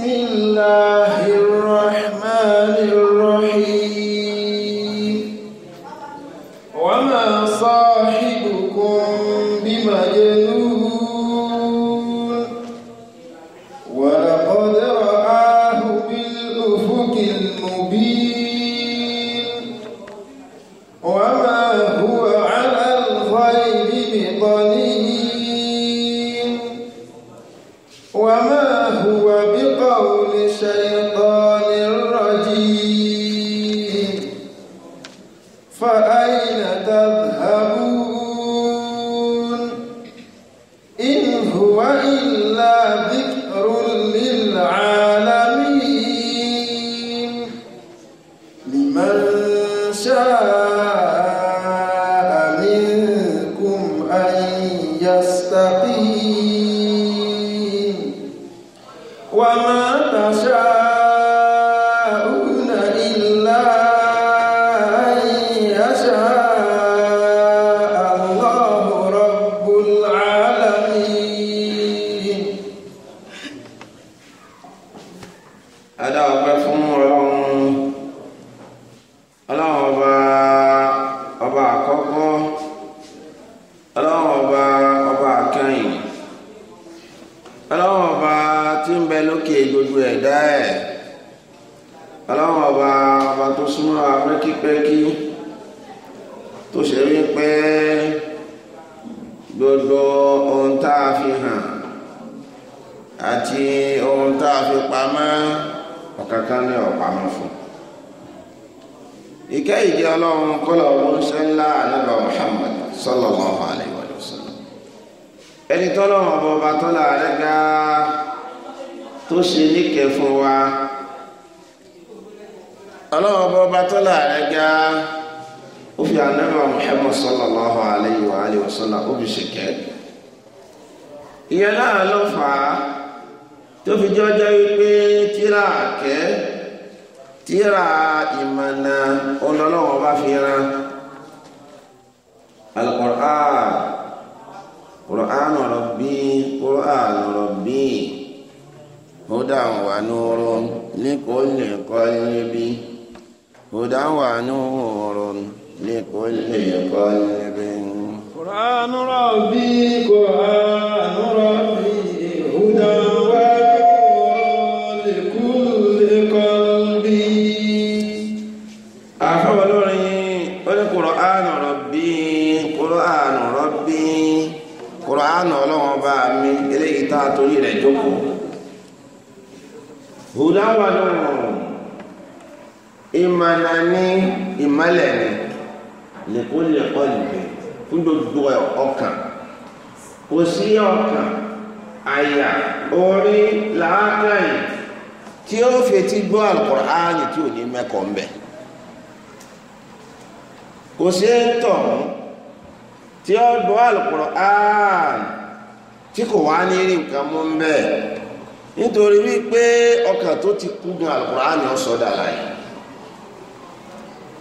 بسم الله àti ohun tá a fi pamọ́ ọ̀kankan ní ọ̀pamọ́ fún ìkẹ́ ìdí ọlọ́run kọ́lọ̀ ọ̀run ṣe ńlá ànábà Muhammad sallallahu alaihi wa sallam ẹni tọ́lọ́run ọba ọba tọ́lá rẹ̀ ga tó ṣe níkẹ́ fún wa ọlọ́run ọba ọba tọ́lá rẹ̀ ó fi ànábà Muhammad sallallahu alaihi wa sallam ó fi ṣèkẹ́ ìyẹn náà ló fà á tó fi jọjọ́ wípé tíra àkẹ́ tíra ìmọ̀nà ọlọ́lọ́wọ́ bá fi ran alukọ̀rán kùrán ọ̀rọ̀ bí kùrán ọ̀rọ̀ bí hudan wa nurun ní kò lè kọ́ ilé bí hudan wa nurun lè kọ́ ilé bí. ọ̀rọ̀ bí kùrán. àánú ọlọ́wọ́n bá mi eléyìí tá a torí rẹ̀ jókòó hùdáwà náà ìmànà ní ìmọ̀lẹ̀ ni lèkólèkọ́ ìgbẹ́ fún gbogbo ọkàn kò sí ọkàn àyà orí làákàyè tí ó fetí gbọ́ àlùkùránì tí ò ní mẹ́kọ̀ọ́ mbẹ́ kò sí tọ̀hún tí ó gbọ́ Al-Qur'an tí kò wá ní rí nǹkan mú ń bẹ̀ nítorí wípé ọkàn tó ti kú gan Al-Qur'an ni ó sọ dàlà yìí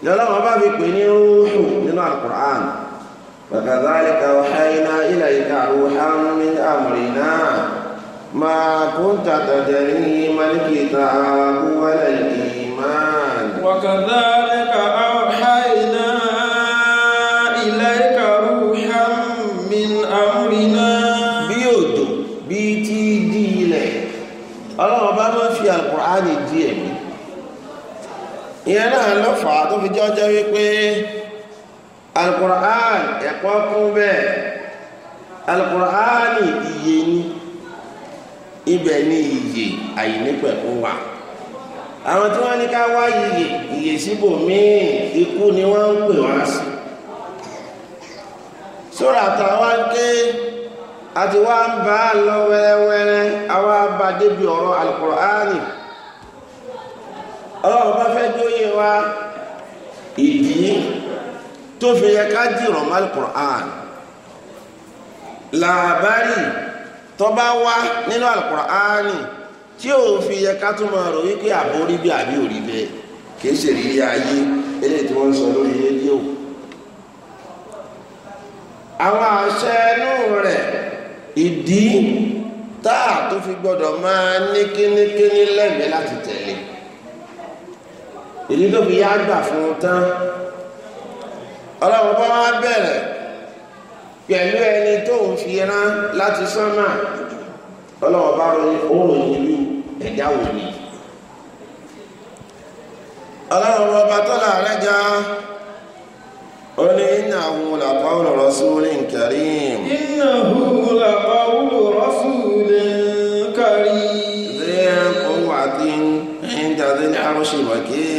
lọ́lọ́wọ́ bá fi pè ní rúhù nínú Al-Qur'an wa kadhalika awhayna ilayka ruhan min amrina ma kunta tadri mal kitabu wal iman wa kadhalika awhayna. dí ẹ̀mí ìyẹn náà lọ́fà tó fi jẹ́ ọjọ́ wípé alukur'an ẹ̀kọ́ kún bẹ́ẹ̀ alukur'an iye ni ibẹ̀ ni iye àìnípẹ̀kún wà àwọn tí wọ́n ní ká wá iye iye síbò míì ikú ni wọ́n ń pè wá sí sórí àtàwọn ké àti wá bá lọ wẹ́rẹ́wẹ́rẹ́ àwa bá débi ọ̀rọ̀ alukur'an ọlọ́run bá fẹ́ dóyè wa ìdí tó fi yẹ ká dìrọ̀ mọ́ alukur'an làbárì tó bá wá nínú alukur'an tí ò fi yẹ ká tún máa rò wípé àbórí bí àbí òrí bẹ́ẹ̀ kì í ṣe ìrírí ayé eléyìí tí wọ́n ń sọ lórí rédíò àwọn àṣẹ inú rẹ̀ ìdí tá a tó fi gbọ́dọ̀ máa ní kínníkínní lẹ́mìí láti tẹ̀lé èyí tó fi yá gbà fún un tán ọlọ́run bá wá bẹ̀rẹ̀ pẹ̀lú ẹni tó ń fi rán láti sánmà ọlọ́run bá ròyìn oòrùn ìlú ẹ̀dá òní ọlọ́run ọba tọ́lá rẹ̀ já ó ní innahu laqawlu rasulin karim innahu laqawlu rasulin karim dhi quwwatin 'inda dhil 'arshi makin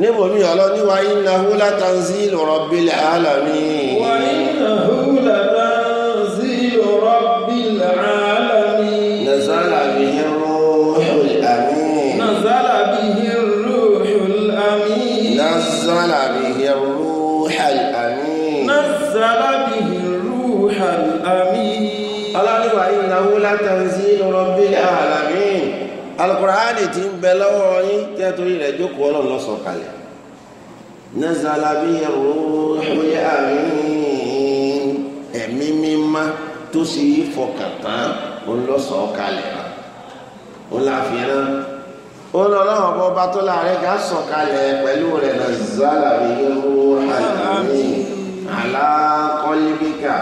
níbòmí ọlọ́ ní wa innahu latanzilu rabbil alamin wa innahu latanzilu rabbil alamin nazala bihi ruhul amin nazala bihi ruhul amin nazala bihi ruhul amin nazala bihi ruhul amin ọlọ́ ní wa innahu latanzilu alukur'ani tí ń bẹ lọ́wọ́ yín tẹ́ torí rẹ̀ jókòó ọlọ́run ló sọ̀ kalẹ̀ nazala bihi ruhul amin ẹ̀mí mímá tó sì fọkàn tán òun ló sọ̀ kalẹ̀ òun láfihàn òun ọlọ́run bọ́ bá tó láàrin ká sọ̀ kalẹ̀ pẹ̀lú rẹ̀ nazala bihi ruhul amin ala qalbika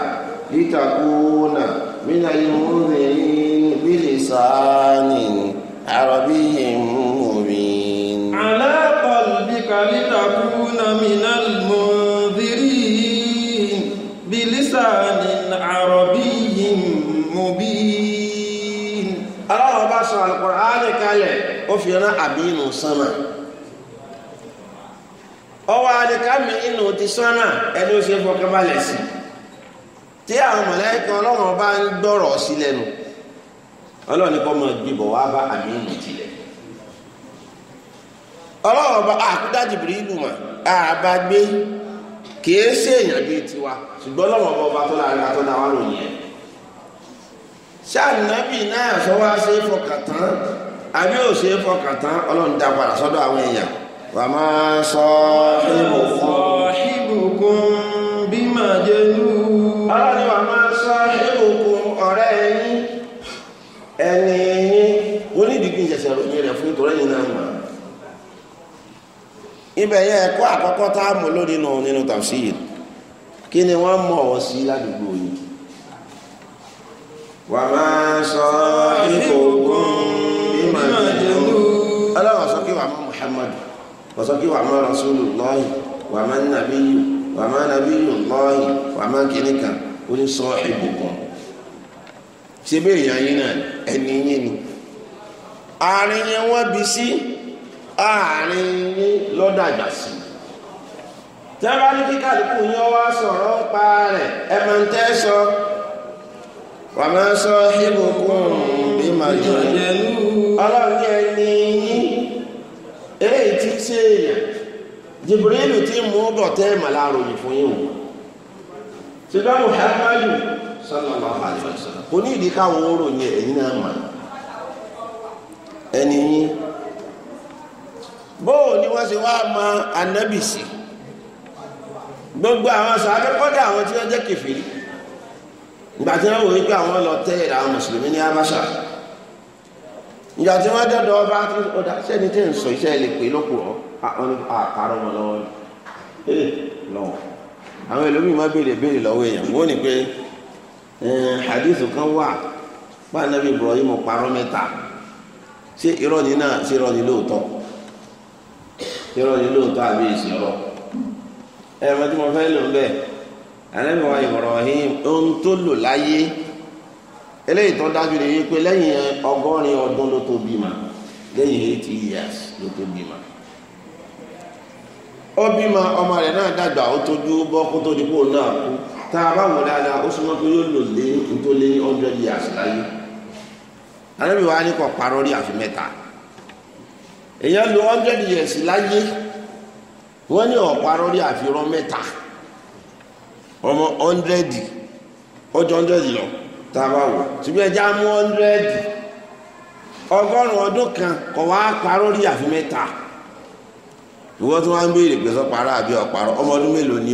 litakuna mina al-munzirin bilisani. عربي مبين على قلبك لتكون من المنذرين بلسان عربي مبين أراه بشر القرآن كالي وفي عبين سما ọwọ́ adékámi inú ti sọ́nà ẹni ó ṣe fọkànbalẹ̀ sí tí àwọn mọ̀lẹ́kọ̀ ọlọ́run bá ń gbọ́rọ̀ sí lẹ́nu ọlọ́run ní kọ́ mọ gbìbọ̀ wá bá àmì ìlú tilẹ̀ ọlọ́run ọba àkúdá jìbìrì ìlú mà àbá gbé kìí ṣe èèyàn bíi tiwa ṣùgbọ́n ọlọ́run ọba ọba tó láàrin àtọ́nà wa ròyìn ẹ̀ ṣáàdínábì náà sọ́wọ́ ṣe é fọkàn tán àbí ò ṣe é fọkàn tán ọlọ́run dá padà sọ́dọ̀ àwọn èèyàn wà máa sọ ìbùkún bí màjẹ́lú ọlọ́run wà máa. ẹni onídìgbì ìṣẹ̀ṣẹ̀ ròyìn rẹ̀ fún ìtòrẹ́ yìí náà mà ibẹ̀ onye ẹ̀kọ́ tá a mọ̀ lórí nù nínú onye kí ni wọ́n mọ̀ ọ́ sí ládùúgbò yìí wà máa sọ ipò ogun mímọ̀ ìjẹun ọlọ́run sọ kí wà mọ́ Muhammad wà sọ kí wà mọ́ onye wà mọ́ nàbíyù nàbíyù lọ́yìn ṣe bí èèyàn yín náà ẹni yín ni àárín yẹn wọ́n bí sí àárín yín lọ́dàgbà sí tí ní kí kálukú yín sọ̀rọ̀ pa rẹ̀ sọ wà máa bí màjọ ọlọ́run ní ẹni yín eléyìí t'i ṣe èèyàn mú fún yín kò ní ìdí káwọn oró yẹn ẹ̀yin náà mà ẹni yín bóò ni wọ́n ṣe wá mọ anábì sí gbogbo àwọn sọ akẹ́kọ̀ọ́dà àwọn tí wọ́n jẹ́ kẹfìrí ìgbà tí wọ́n wò wípé àwọn lọ tẹ́ ìrà àwọn mùsùlùmí ní abáṣà ìgbà tí wọ́n dọ́dọ̀ ọba tí ó dá sẹ́ni tí ń sọ iṣẹ́ lè pè lóko ọ́ àwọn àkàrọ̀ wọn lọ́wọ́ lọ́wọ́ àwọn ẹlòmíì má béèrè béèrè lọ́wọ́ èèyàn wọ́n ní pé hadithu kan wà pa anabi ibrahim parọ́ mẹ́ta ṣé irọ́ ni náà àbí ìṣirọ́ ẹ mọ tí mo fẹ́ lò anabi wa ibrahim ohun tó eléyìí tó dájú ni lẹ́yìn ọdún ló tó bímọ ọmọ rẹ̀ náà dàgbà ó tójú bọ́ kó ta a bá ó súnmọ́ pé yóò lò lé tó lé years láyé wa kò parọ́ rí àfi mẹ́ta lo hundred years láyé wọ́n ní ọ̀parọ́ rí àfi rọ́ mẹ́ta ọmọ hundred ọjọ́ hundred lọ tá a ẹja mú hundred ọgọ́rùn-ún ọdún kan kò wá parọ́ rí àfi mẹ́ta ìwọ́n tún wá ń béèrè pé sọ àbí ọ̀parọ́ ọmọ ọdún mélòó ni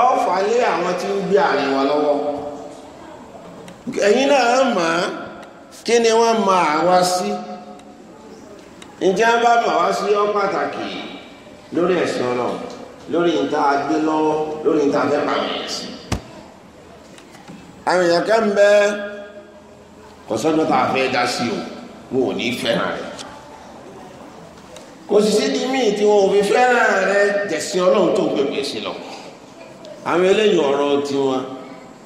ọ̀fà lé àwọn tí ń gbé àárín wọn lọ́wọ́ ẹ̀yin náà mọ̀ ọ́ kí ni wọ́n mọ àwa sí ǹjẹ́ bá mọ̀ wá sí ọ́ pàtàkì lórí ẹ̀sìn ọlọ́run lórí ìta gbé lọ́wọ́ lórí ìta fẹ́ pàmì sí àwọn èèyàn kan bẹ kò sọ́jọ́ tá a fẹ́ dá sí o wọn ò ní fẹ́ràn rẹ̀ kò sì sí di míì tí wọn ò fi fẹ́ràn rẹ̀ jẹ̀sìn ọlọ́run tó gbẹ̀gbẹ̀ sí lọ́wọ́ àwọn eléyìí ọ̀rọ̀ tiwọn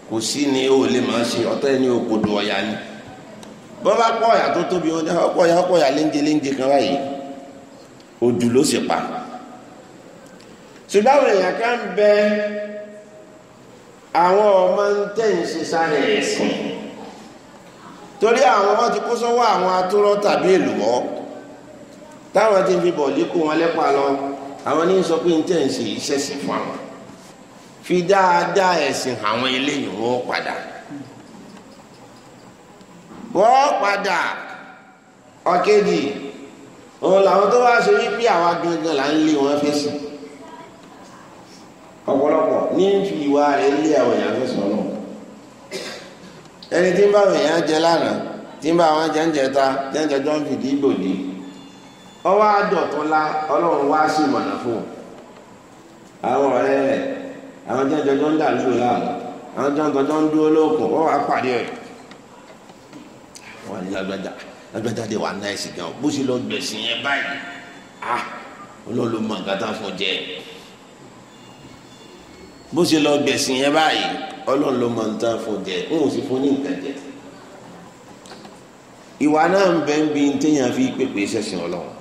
kò sí ni ó lè máa ṣe ọ̀tọ̀ ẹni òkodò ọyà ni bọ́ bá pọ̀ ọ̀yà tó tóbi wọn dáhùn ah, pọ̀ ọ̀yà pọ̀ ọ̀yà léńjẹ léńjẹ kan báyìí ojú ló sì pa ṣùgbọ́n èèyàn kan ń bẹ àwọn ọmọ ń tẹ̀yìn ṣe sáré ẹ̀sìn torí àwọn ọmọ ti kó sọ́wọ́ àwọn atúrọ̀ tàbí èlùwọ́ táwọn ti fi bọ̀ líkù wọn lẹ́pàá lọ àwọn ní sọ pé ń tẹ̀yìn sí fún àwọn fi dáadáa ẹ̀sìn àwọn eléyìí wọ́n padà wọ́n padà ọ̀kejì òun làwọn tó bá ṣe wípé àwa gangan là ń lé wọn fèsì ọ̀pọ̀lọpọ̀ ní fi ìwà rẹ̀ lé àwọn èèyàn fèsì ọ̀nà ẹni tí ń bá àwọn èèyàn jẹ lánàá tí ń bá àwọn jẹ ń jẹta jẹ ń jẹjọ ń fìdí ọwọ́ àdọ̀tún ọlọ́run wá sí ìmọ̀nà fún àwọn ọ̀rẹ́ rẹ̀ àwọn tí wọ́n jọjọ́ ń dà lóò láàmú àwọn tí wọ́n jọjọ́ ń dúró lóòkùn ó wàá pàdé ẹ̀ wọ́n ní lágbájá lágbájá de wà náà ẹ̀sìn gan bó ṣe lọ gbẹ̀sìn yẹn báyìí ah olóòlù mọ̀ nǹkan tá a fún jẹ́ bó ṣe lọ gbẹ̀sìn yẹn báyìí ọlọ́run ló máa ń tán fún jẹ n ò sì fún ní nǹkan jẹ ìwà náà ń bẹ ń bi téèyàn fi pèpè sẹ́sìn ọlọ́run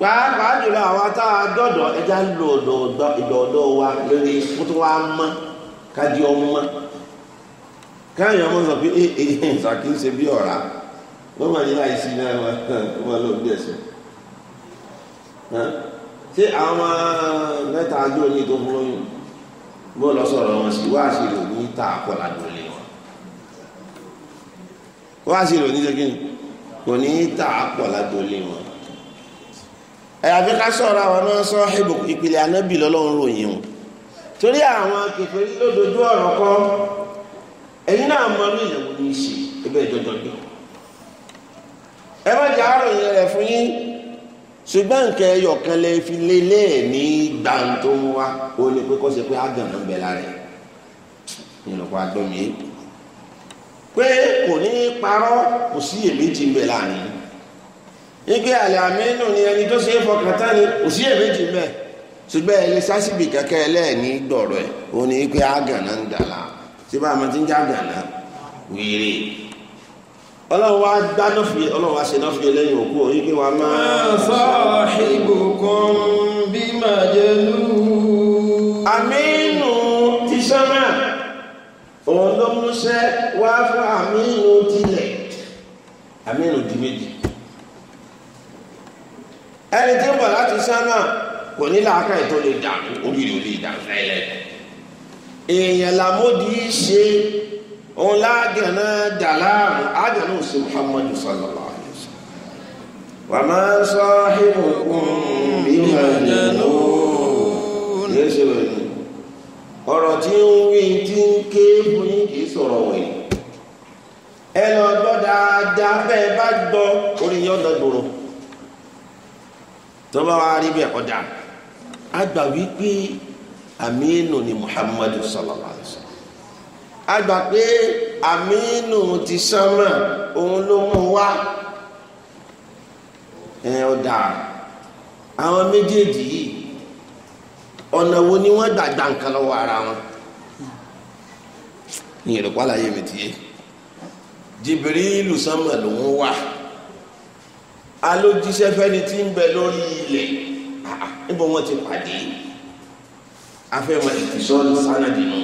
pàápàá jùlọ àwọn tá a dọ̀dọ̀ ẹja lò ọ̀dọ̀ ìdọ̀ọ̀dọ̀ wa lórí kótó wa mọ́ kájí ọmọ káyọ̀ ọmọ sọ pé ẹ ẹ ẹ ṣàkí ń ṣe bí ọ̀rá wọ́n máa ní láìsí náà wọ́n lọ bí ẹ̀sìn ṣé àwọn mẹ́ta ajó ní tó fún lóyún bó lọ sọ̀rọ̀ wọn sí wá sí lò ní ta àkọlà dòlè wọn wá sí lò ní ṣe kí ni kò ní ta àkọlà dòlè wọn àyàfi ká sọ̀rọ̀ àwọn náà sọ ìbò ìpìlẹ̀ ànábì lọ́lọ́run ròyìn wọn torí àwọn kèfèrí lódojú ọ̀rọ̀ kọ́ ẹ̀yin náà mọ ní ìyẹ̀wò ní í ṣe ẹgbẹ́ ìjọjọ́ gbé ẹ má jẹ́ àròyìn rẹ̀ fún yín ṣùgbọ́n nǹkan ẹyọ kan lè fi lélẹ̀ e ní gbàǹtó wa ó ní pé kó ṣe pé àgànnà ń bẹ lára ẹ̀ nínú pa gbọ́n pé kò ní parọ́ kò sí èméjì ń bẹ láàrin ike àlẹ́ àmínú ni ẹni tó ṣe fọkàn tán ni kò èméjì mẹ́ ṣùgbọ́n ẹni sásìbì kẹ́kẹ́ ẹlẹ́ẹ̀ni gbọ̀rọ̀ ẹ̀ ó ní pé àgànà ń dàlà ṣé máa ti ń jàgànà wíire ọlọ́run wá gbá nọ́fìyẹ ọlọ́run wá ṣe nọ́fìyẹ lẹ́yìn òkú òyìn pé wà máa sọ́ọ̀hìbò kan bí màá jẹ lú. àmínú ti sánmà òun ló múṣẹ́ wá fún àmínú tilẹ̀ àmínú di méjì ẹni tí ń bọ̀ láti sánmà kò ní làákà ètò lè dà oríire ò lè dà fẹ́lẹ́ èèyàn làmódi ṣe òun lágànnà dàlámù ágànnà òsè muhammadu sallallahu alayhi wa sallam wa ma sahibukum bí wọn lè lò ó yẹ ṣe wẹ̀ ni ọ̀rọ̀ tí ń wí tí ń ké fún yín kì í sọ̀rọ̀ wẹ̀ ẹ lọ gbọ́ dáadáa bẹ́ẹ̀ bá gbọ́ orí yọ̀ lọ́gbọ̀rọ̀ tó bá wá rí bẹ́ẹ̀ ọ̀dà a gbà wípé aminu ni muhammadu sallallahu alayhi wa sallam a gbà pé aminu ti sánmà òun ló mú wá ọ̀dà àwọn méjèèjì yìí ọ̀nà wo ni wọ́n gbàgbà nǹkan lọ́wọ́ ara wọn ní ìrọ̀pá àlàyé mi ti yé jìbìrì lòún wà alójíṣẹ́ fẹ́ni tí ń bẹ lórí ilẹ̀ ah, ah, níbo wọ́n ti pàdé afẹ́mọ̀ ìtìsọ́lù sánàdì nù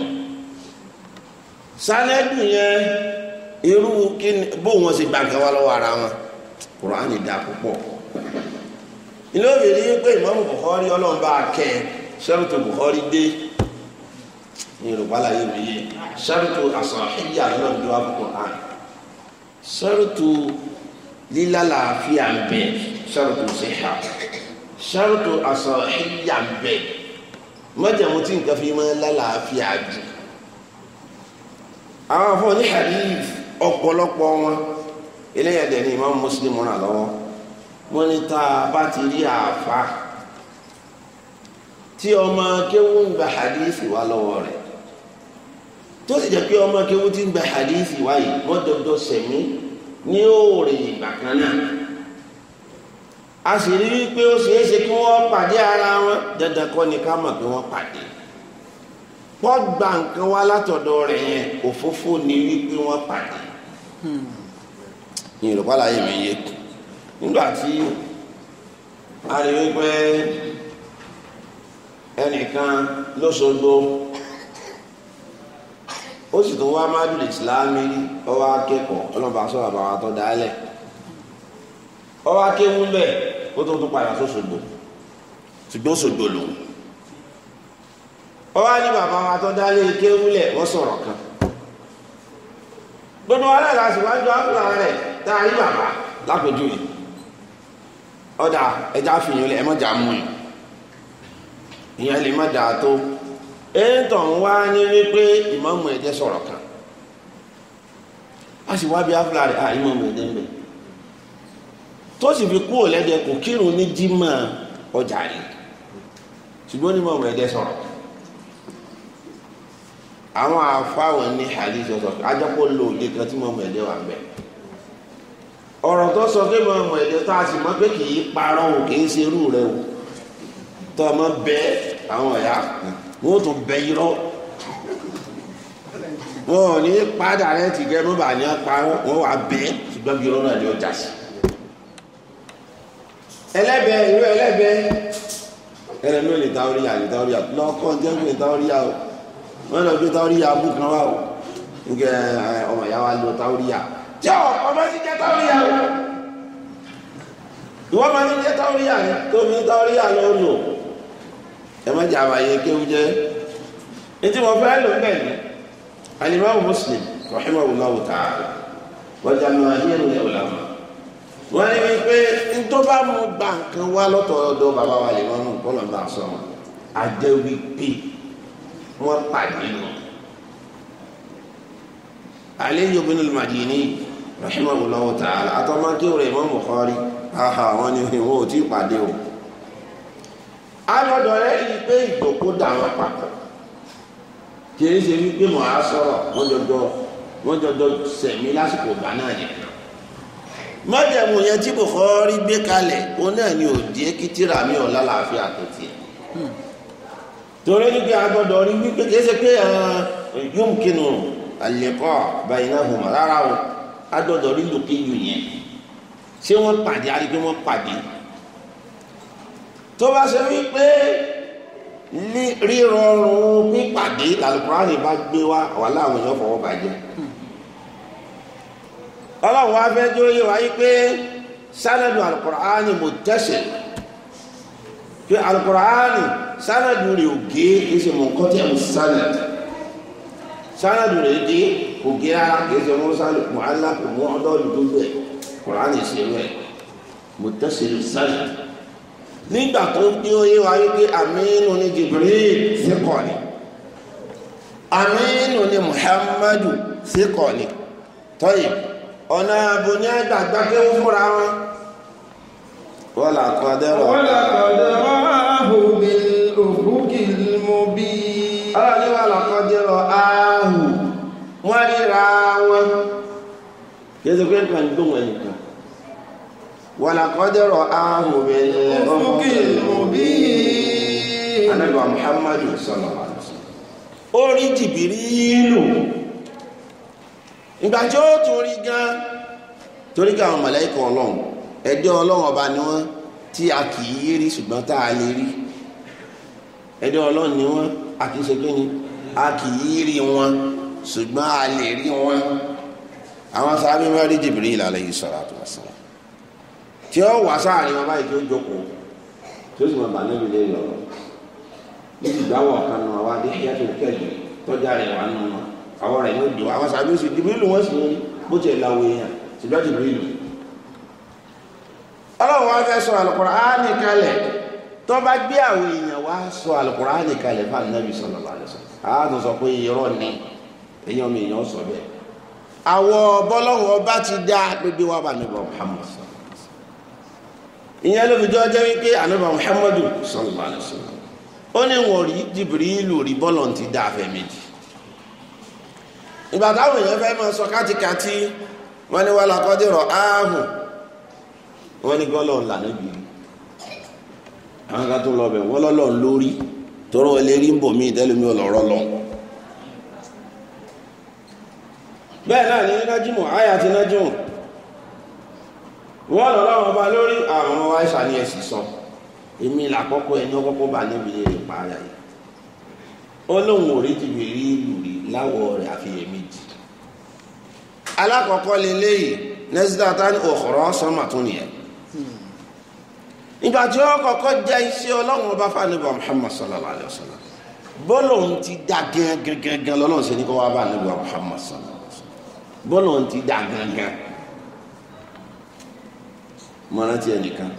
sánàdì yẹn irú kí bó wọn ṣe gbàgbà wá lọ́wọ́ ara wọn kùránì dá púpọ̀ ilé òbèrè yìí pé ìmọ̀mù Bukhari ọlọ́mba akẹ́ sẹ́rùtù Bukhari dé ní yorùbá láyé mi yé sẹ́rùtù àsọ̀hìyà náà dúró àbùkù hàn sẹ́rùtù lílàlàáfíà ń bẹ ṣàrùtù ṣèṣà ṣàrùtù àṣọ ìyà ń bẹ mọ́jàmú tí nǹkan fi máa lálàáfíà jù àwọn afọ ní hadith ọ̀pọ̀lọpọ̀ wọn eléyà dẹ̀ ní Imam Muslim ràn lọ́wọ́ wọ́n ní tá a bá ti rí àáfà tí ọmọ akéwù ń gba hadith wá lọ́wọ́ rẹ̀ tó sì jẹ́ pé ọmọ akéwù ti ń gba hadith wá yìí wọ́n dọ́dọ́ sẹ̀mí ní òòrè ìgbà kan náà a sì rí wípé ó ṣeé ṣe kí wọ́n pàdé ara wọn dandan kọ́ ni ká mọ̀ pé wọ́n pàdé pọ́ gba nǹkan wá látọ̀dọ̀ rẹ̀ yẹn òfófó ni wípé wọ́n pàdé ní Yorùbá láyé mi yé nígbà tí a rí wípé ẹnìkan lóṣogbo. ó sì tún wá mádùlì ìsìlámì rí ọwọ́ akẹ́kọ̀ọ́ ọlọ́ba sọ̀rọ̀ àbáwá tó dálẹ̀ ọwọ́ akéwú bẹ́ẹ̀ ó tó tún padà sóṣogbo ṣùgbọ́n bàbá wa tó lẹ̀ wọ́n kan gbogbo wa náà láti wájú a bàbá ọ̀dà ẹja fìyàn lẹ̀ mú yìí ìyẹn lè má dà tó ètò ń wá ní wípé ìmáàmù ẹ̀jẹ̀ sọ̀rọ̀ kan a sì wá bí afúlà rẹ̀ à ìmáàmù ẹ̀jẹ̀ ń bẹ̀ tó sì fi kúrò lẹ́jẹ̀ kò kírun ní jímọ̀ ọjà rẹ̀ ṣùgbọ́n ní ìmáàmù ẹ̀jẹ̀ sọ̀rọ̀ àwọn afáwọn ní hadith ọ̀sọ̀ ajọ́pọ̀ lò ní kan tí ìmáàmù ẹ̀jẹ̀ wà ń bẹ̀ ọ̀rọ̀ tó sọ pé ìmáàmù ẹ̀jẹ̀ tá a sì mọ̀ pé kì í parọ́ o kì ṣerú rẹ̀ o tọ́ ọmọ bẹ́ẹ̀ àwọn ọ̀yà kan wọ́n tún bẹ yìí rọ́ wọn ò ní padà rẹ ti gẹ mọ́bà ní apá wọn wà bẹ́ ṣùgbọ́n yìí rọ́ náà ni ó jà sí. ẹlẹ́bẹ̀ irú ẹlẹ́bẹ̀ ẹlẹ́bẹ̀ ló lè ta orí àlè ta orí àlè lọ́kọ́ jẹ́ pé ta orí àlè wọ́n lọ gbé ta orí àlè kan wà o nígbà ọmọ ìyá wa lọ ta orí àlè. jọ ọmọ ti jẹ ta orí àlè ìwọ́n máa ń jẹ ta orí àlè tó ẹ má jẹ àbàyè kéwú jẹ etí wọn fẹ́ lò bẹ́ẹ̀ ni alimami muslim rahimahullahu ta'ala wọ́n jẹ́ àwọn àyẹ̀wò yẹ̀wò làwọn wọ́n ní wípé ntọ́ bá mú gba nǹkan wá lọ́tọ̀ọ̀dọ̀ bàbá wa lè mọ́nú bọ́lọ̀ bá sọ wọn àjẹ́ wípé wọ́n pàdé nù. Aliyu ibn al-Madini rahimahullahu ta'ala àtọ́mọ́kéwò rẹ̀ Imam Bukhari aha wọ́n ní wọ́n ò tí ì pàdé o alọ́dọ̀ rẹ̀ rí i pé ìgbòkó dà wọ́n papọ̀ kì í ṣe wípé mọ̀ á sọ̀rọ̀ wọ́n jọjọ wọ́n jọjọ sẹ̀mí lásìkò ìgbà náà yẹn mọ́jẹ̀mú yẹn tí kò fọ́ rí gbé kalẹ̀ òun náà ni ò di ekitira mi ò lálàáfíà tó tiẹ̀ torí wípé agbọ́dọ̀ rí wípé kì í ṣe pé yóò kinu àlẹ́kọ́ báyìí náà hùwà rárá o agbọ́dọ̀ rí lòkè yù yẹn ṣé wọ́n pàdé àrígbé wọ́n pàdé tó bá ṣe wípé rírọrùn pípàdé làlùkùránì bá gbé wá wà láwọn èèyàn fọwọ́ bàjẹ́ ọlọ́run wá fẹ́ jó yé wa yí pé sánàdù alukùránì mo tẹ́sẹ̀ pé alukùránì sánàdù rẹ̀ ògé ẹsẹ̀ mọ̀ nǹkan tí a mọ̀ sánàdù sánàdù rẹ̀ dé ògé ara ẹsẹ̀ mọ̀ sánàdù mọ̀ alákùnmọ́ ọdọ́ọ̀dù tó bẹ̀ kùránì ṣe rẹ̀ mo tẹ́sẹ̀ sánàdù nígbà tó ń bí oyé wa wípé aminu ni Jibril síkọ̀ ni aminu ni Muhammadu síkọ̀ ni tọ́yì ọ̀nà ààbò ní àgbàgbà pé ó fúnra wọn. wọ́n là kọ́ dẹ́rọ̀. wọ́n là kọ́ dẹ́rọ̀ ahùn mi òkúkì mo bí. ọlọ́ni wọ́n là kọ́ dẹ́rọ̀ ahùn wọ́n ríra wọn. kí ẹ ti pé nǹkan gbóhùn ẹnìkan wàlàkọ́dẹ̀rọ̀ ahùnbẹ̀lẹ̀ anábìwá muhammadu sọlọ́wà ó rí jìbìrìlù ìgbà tí ó tún rí gan torí kí àwọn màláíkà ọlọ́run ẹjọ́ ọlọ́run ọba ni wọ́n tí a kì í yé rí ṣùgbọ́n tá a lè rí ẹjọ́ ọlọ́run ni wọ́n a kì í ṣe kí a kì í rí wọn ṣùgbọ́n a lè rí wọn àwọn sábẹ́ máa rí jìbìrìlù alayhi salatu wassalam tí ó wà sáàrin wọn báyìí tí ó ń jókòó tí ó sì máa bà níbi lè lọ níbi ìgbàwọ̀ kan náà wá dé yá tó kẹ́jọ tọ́jà rẹ̀ wà nù wọn àwọn rẹ̀ ló dùn àwọn sàbí oṣù dìbìlù wọn sì ní bó tiẹ̀ làwọ̀ èèyàn ṣùgbọ́n dìbìlù. ọlọ́run wá fẹ́ sọ Al-Qur'ani kalẹ̀ tó bá gbé àwọn èèyàn wá sọ Al-Qur'ani kalẹ̀ fún Ànábì sallallahu alaihi wasallam àánú sọ pé irọ́ ni èèyàn mi èèyàn sọ bẹ́ẹ̀ àwọ̀ bọ́lọ́wọ́ bá ti dá gbogbo wa bá níbọ̀ Muhammad sọ ìyẹn ló fi jọ jẹ́ wípé ànábà muhammadu sallallahu alayhi wa sallam ó ní wọn rí jìbìrìlù rí ti dá afẹ́ méjì ìgbà táwọn èèyàn fẹ́ máa sọ kátikáti wọ́n ní wàhálà kọ́ dìrọ̀ áhùn wọ́n ní gbọ́lọ̀ ńlá níbi àwọn kan tó lọ bẹ̀ wọ́n lọ́lọ́ lórí tọrọ ẹlẹ́rí ń bọ̀ mí ọlọ́rọ́ wọ́n lọ lọ́wọ́ ọba lórí àwọn ọmọ Aisha ní ẹ̀sìn sọ èmi làkọ́kọ́ ẹni ọkọ́kọ́ bá níbi lè pa ara yìí ọlọ́run òrí ti bèrè ìlú rí láwọ̀ rẹ̀ àfihàn méjì alákọ̀ọ́kọ́ leléyìí nẹ́sídàtà ní ọ̀kọ̀rọ̀ sọ́mà tó nìyẹn nígbà tí ó kọ́kọ́ jẹ́ iṣẹ́ ọlọ́run ọba fàánibà Muhammad sallallahu alayhi wa sallam bọ́lọ̀hún ti dá gangan gangan lọ́lọ́run ṣe ní kọ́ wá bá níbi Muhammad sallallahu alayhi wa sallam bọ́lọ̀hún ti dá gangan mo rántí ẹnìkan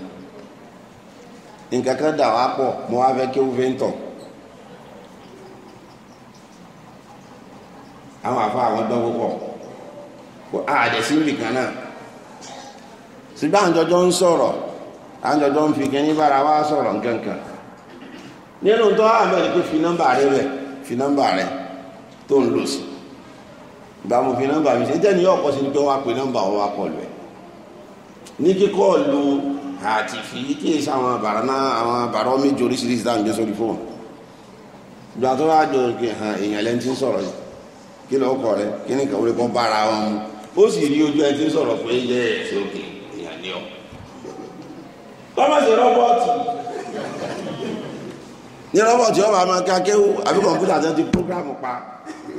kan dà wá mo fẹ́ kí o fẹ́ ń tọ̀ àwọn àfa àwọn dán púpọ̀ kò àdẹ̀sí nìkan náà ṣùgbọ́n àwọn jọjọ́ ń sọ̀rọ̀ àwọn jọjọ́ ń fi kẹ́ni sọ̀rọ̀ ni kɔsi ni pe ní kíkọ́ lu àti fi kí n sáwọn bàrà náà àwọn bàrà méjì oríṣiríṣi dáhùn gbé sórí fóònù ìgbà tó wá jọ kí hàn èèyàn lẹ́ni tí ń sọ̀rọ̀ yìí kí ló kọ̀ rẹ kí ni kàwé kan bára wọn mu ó sì rí ojú ẹni tí ń sọ̀rọ̀ pé yẹ ẹ̀sìn òkè èèyàn ní ọ. kọ́mọ̀sì rọ́bọ̀tì ní rọ́bọ̀tì yóò máa ma kakéwò àbí kọ̀ǹpútà tó ti prógrámù pa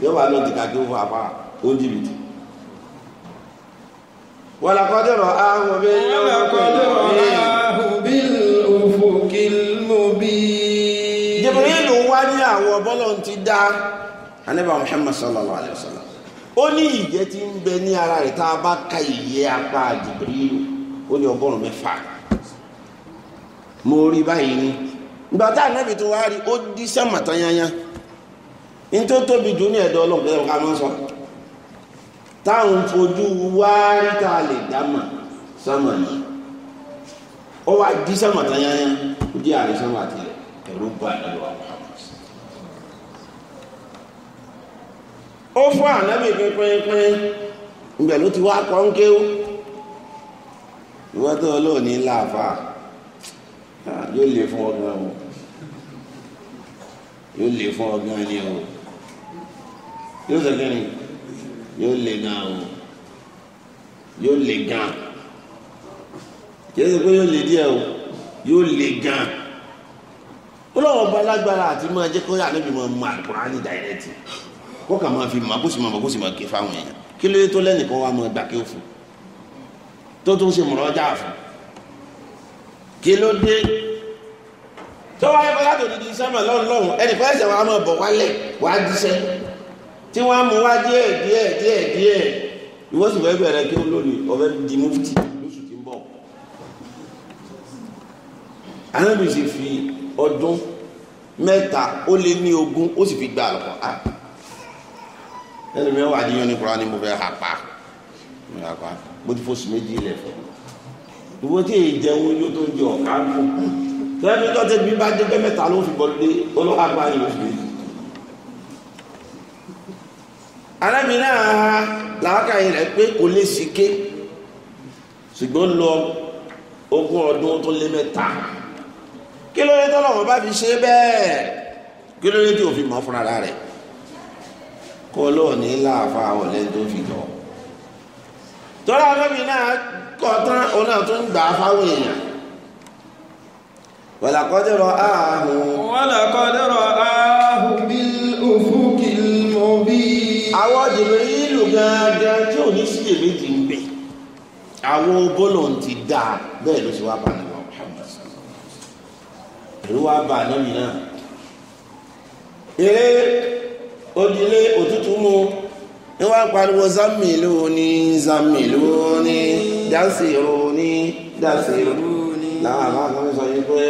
yóò máa lọ ti kakéwò fún apá ó ń jìbìtì. ولقد رآه بالأفق المبين جبريل wá ní àwọ̀ bọ́lọ̀ ti dá anábà Muhammad sallallahu alayhi wa sallam ó ní ìyẹ́ tí ń bẹ ní ara rẹ̀ tá a bá ka ìyẹ́ apá Jibril ó ní ọgọ́rùn-ún mẹ́fà mo rí báyìí ni ìgbà tá ànábì tó wá rí ó dí sẹ́màtányányá ní tó tóbi jù ní ẹ̀dọ́ ọlọ́pàá ká máa ń sọ táwọn fojú wáárí tá a lè dámà sánmà ni ó wá di sánmà tán yányá ó di àárín sánmà àti ẹ̀rú bá ẹ̀rọ àwọn ó fún ànábì pínpínpín ìgbẹ̀ ló ti wá kọ́ńké ó ìwọ́n tó olóòní láàfà yóò lè fún ọgbọ́n o yóò lè fún ọgbọ́n ni o yóò sọ kí yóò lè gan àwọn yóò lè gan kìí ṣe pé yóò lè díẹ̀ o yóò lè gan ó lọ́wọ́ ọba alágbára àti máa jẹ́ kó yàrá níbi máa ma àkùránì dàrẹ́tì kó kà máa fi mà kó sì máa mà kó sì máa ké fáwọn èèyàn kí ló dé tó lẹ́nìkan wá máa gbà kí ó fún tó tó ń ṣe mọ̀rọ̀ ọjà fún kí ló dé tó wáyé kọ́lá tó di di sẹ́mọ̀ lọ́run ẹnì kan ẹ̀sẹ̀ wàá máa bọ̀ wálẹ̀ wàá díṣẹ́ tí wọ́n mú wá díẹ̀ díẹ̀ díẹ̀ díẹ̀ ìwọ sì fẹ́ bẹ̀rẹ̀ kí ó lónìí ọ̀fẹ́ di mufti lóṣù tí ń bọ̀ anábì sì fi ọdún mẹ́ta ó lé ní ogún ó sì fi gba àlùkò á ẹlòmíràn wà ní yóní kura ni mo fẹ́ hà pa mo ti fọ́sùn méjì lẹ̀ fún ìwọ tí èyí jẹun yóò tó ń jẹ ọ̀ká fún tẹ́lifíńtọ́ tẹ́lifíńtọ́ bá dé pé mẹ́ta ló fi bọ́ lé olóhàgbá yìí lóṣù méjì. arábìnrin àhá làákàyè rẹ̀ pé kò lè sìké ṣùgbọ́n lọ ogún ọdún tó lé mẹ́ta kí ló dé tọ́lọ̀ wọn bá fi ṣe bẹ́ẹ̀ kí ló dé tí òfin mọ́ fúnra rẹ̀ kó lóò ní láàfa ọ̀lẹ tó fi lọ tọ́lá arábìnrin náà kọ̀ tán òun náà tún gbà á fáwọn èèyàn wàlàkọ́dẹ̀rọ̀ ààhùn wàlàkọ́dẹ̀rọ̀ ààhùn. àwọn jìbìrì ìlú gangan tí ò ní sí èméjì ń bẹ àwọn bọ́lọ̀ ti dà bẹ́ẹ̀ ló ṣe wá bá nílò Muhammad ìlú wa bá níbi náà eré odile òtútù mu ni wọ́n pariwo zamilu ni zamilu ni dasiru ni dasiru làwọn àwọn sọ yìí pé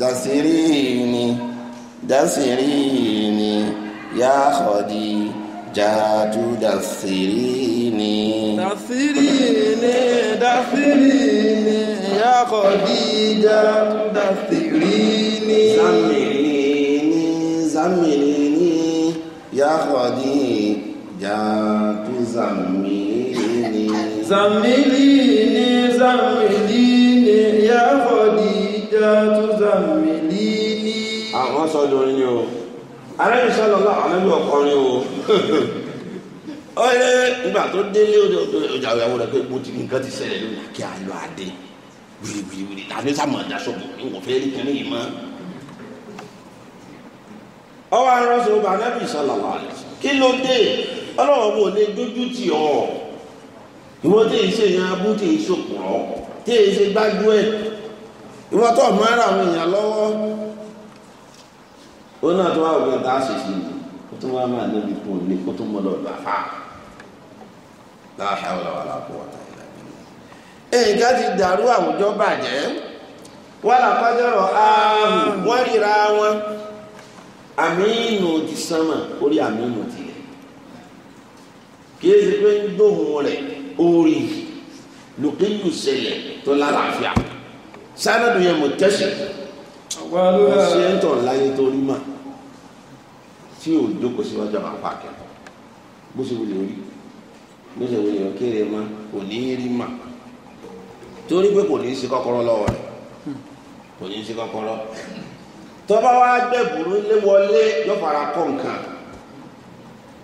dasiri ni dasiri ni. يا خديجة دثريني دثريني دثريني يا خديجة دثريني زمريني زمريني يا خديجة زمريني زمريني زمريني يا خديجة زمريني àwọn sọ lórí ni o arábìnrin sọlọ bá anábìnrin ọkọrin o ọyẹ nígbà tó délé ọjà ìyàwó rẹ pé mo ti nǹkan ti ṣẹlẹ̀ lónìí kí a lọ adé wìrìwìrì tàbí sàmọ àdásọ bò ní wọn fẹẹ rí kíní yìí mọ. ọwọ́ aránṣẹ́ ọba anábìnrin sọlọ wà kí ló dé ọlọ́wọ́ bò lè dójú tì ọ́ ìwọ tí èyí ṣe yan abú tí èyí ṣòkùrọ̀ tí èyí ṣe gbájú ẹ̀ ìwọ tó ọmọ ara àwọn èèyàn lọ́wọ́ ó náà tó wá òkè tá a ṣe sí ni ó tó wá máa níbi kún ní kó tó mọ lọ lọ àfà láàṣà wọlé wàlá kó wà láyé lábẹ́ mi. nǹkan ti dàrú àwùjọ bàjẹ́ wọ́n làkọ́jọ́rọ̀ ààrùn wọ́n ríra wọn àmínú ti sánmà orí àmínú ti rẹ̀ kìí ṣe pé ń gbóhùn rẹ̀ orí lùkìlù ṣẹlẹ̀ tó lálàáfíà sáré dùn yẹn mọ̀ tẹ́sí ọ̀ṣẹ́ ń tọ̀ láyé torí mà tí ò jókòó síwájú àwọn apá akẹ́kọ̀ọ́ bó ṣe wulẹ̀ orí bó ṣe wulẹ̀ òkèèrè mọ́ kò ní í rí mà torí pé kò ní í ṣe kọ́kọ́rọ́ lọ́wọ́ rẹ̀ kò ní í ṣe kọ́kọ́rọ́ tọ́ba wa gbẹ̀bùrú lé wọlé yóò kọ́ nǹkan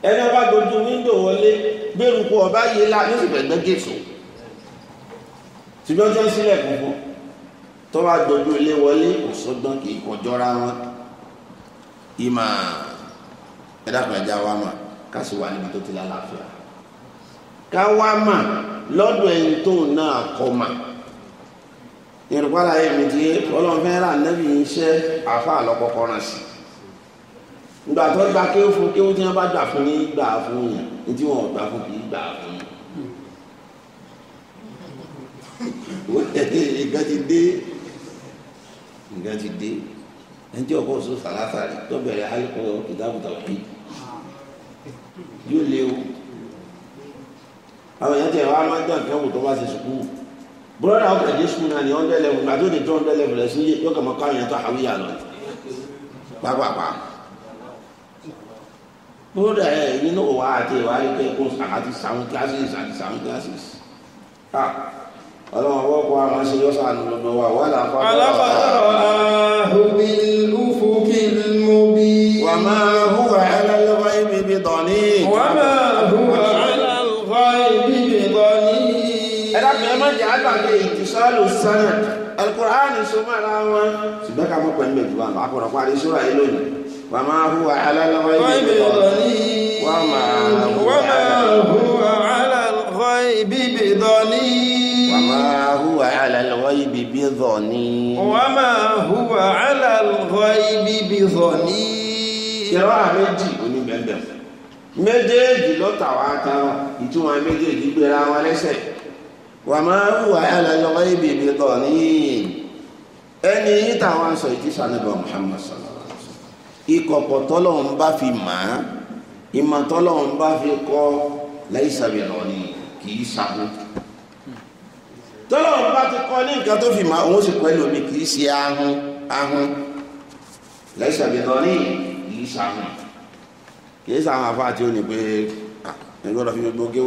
ẹni ọba dojú wíńdò wọlé gbẹrùkú ọba yìí la yóò sì gbẹgbẹ gèso ṣùgbọ́n tó ń sílẹ̀ kúkú tọ́ba dojú ilé wọlé òṣùgbọ́n kì í kọjọ́ra wọn ìmọ̀ ẹ dákun ẹja wa mà ká sì wà níbi tó ti lálàáfíà ká wá mà lọ́dọ̀ ẹni tó náà kọ mà yorùbá yẹ mi ti ọlọ́run fẹ́ rà nẹ́bí iṣẹ́ àfa àlọ́kọ̀kọ́ rẹ̀ sí ìgbà tó gba kéwù fún kéwù tí wọ́n bá gbà fún ní gbà fún yẹn ní tí wọ́n gbà fún kì í gbà fún yẹn ìgbà ti dé ìgbà ti dé ẹni tí ọkọ̀ sọ sàlásàlì tó bẹ̀rẹ̀ alùpùpù kìtàbùtà òbí. yóò lé o àwọn èèyàn tẹ wá máa ń nǹkan wò tó bá ṣe sùkúù bọ́lá ọkọ̀ ẹ̀jẹ̀ náà ní hundred level náà tó ní two hundred level ẹ̀sìn yóò kàn máa kọ́ èèyàn tó lọ ẹ̀ àti àti kọ́ àwọn lọ́dọ̀ wà بضنين وما هو على الغيب بضنين ẹ̀dàkùn ẹ má jẹ́ àgbàgbé ìtìsọ́lù sánà alukuraani sọmọ́ra wọn. ṣùgbọ́n ká mọ̀ pẹ̀lú ìlú wa àkọ́rọ̀ parí sóra yìí lónìí wà máa hùwà alálọ́wọ́ ibi bìdọ́ní. wà máa hùwà alálọ́wọ́ ibi bìdọ́ní. wà máa hùwà alálọ́wọ́ ibi bìdọ́ní. wà máa hùwà alálọ́wọ́ méjèèjì ló tà wá tara ìtumọ̀ méjèèjì gbéra wọn lẹ́sẹ̀ wà máa ń wà á lọ ibi ìbí kọ ní ẹni yìí táwọn sọ ìjísà nígbà Muhammad sallallahu alaihi wasallam ìkọ̀kọ̀ tọ́lọ́run bá fi mà á ìmọ̀ tọ́lọ́run bá fi kọ́ láìsàbẹ̀ lọ ni kì í sago tọ́lọ́run bá ti kọ́ ní nǹkan tó fi mà òun sì pẹ́ lómi kì í ṣe ahun ahun láìsàbẹ̀ lọ ni kì í sago. kìí sáwọn afá tí ó ní pé ẹgbẹ́ ọ̀rọ̀ fi gbogbo gé ó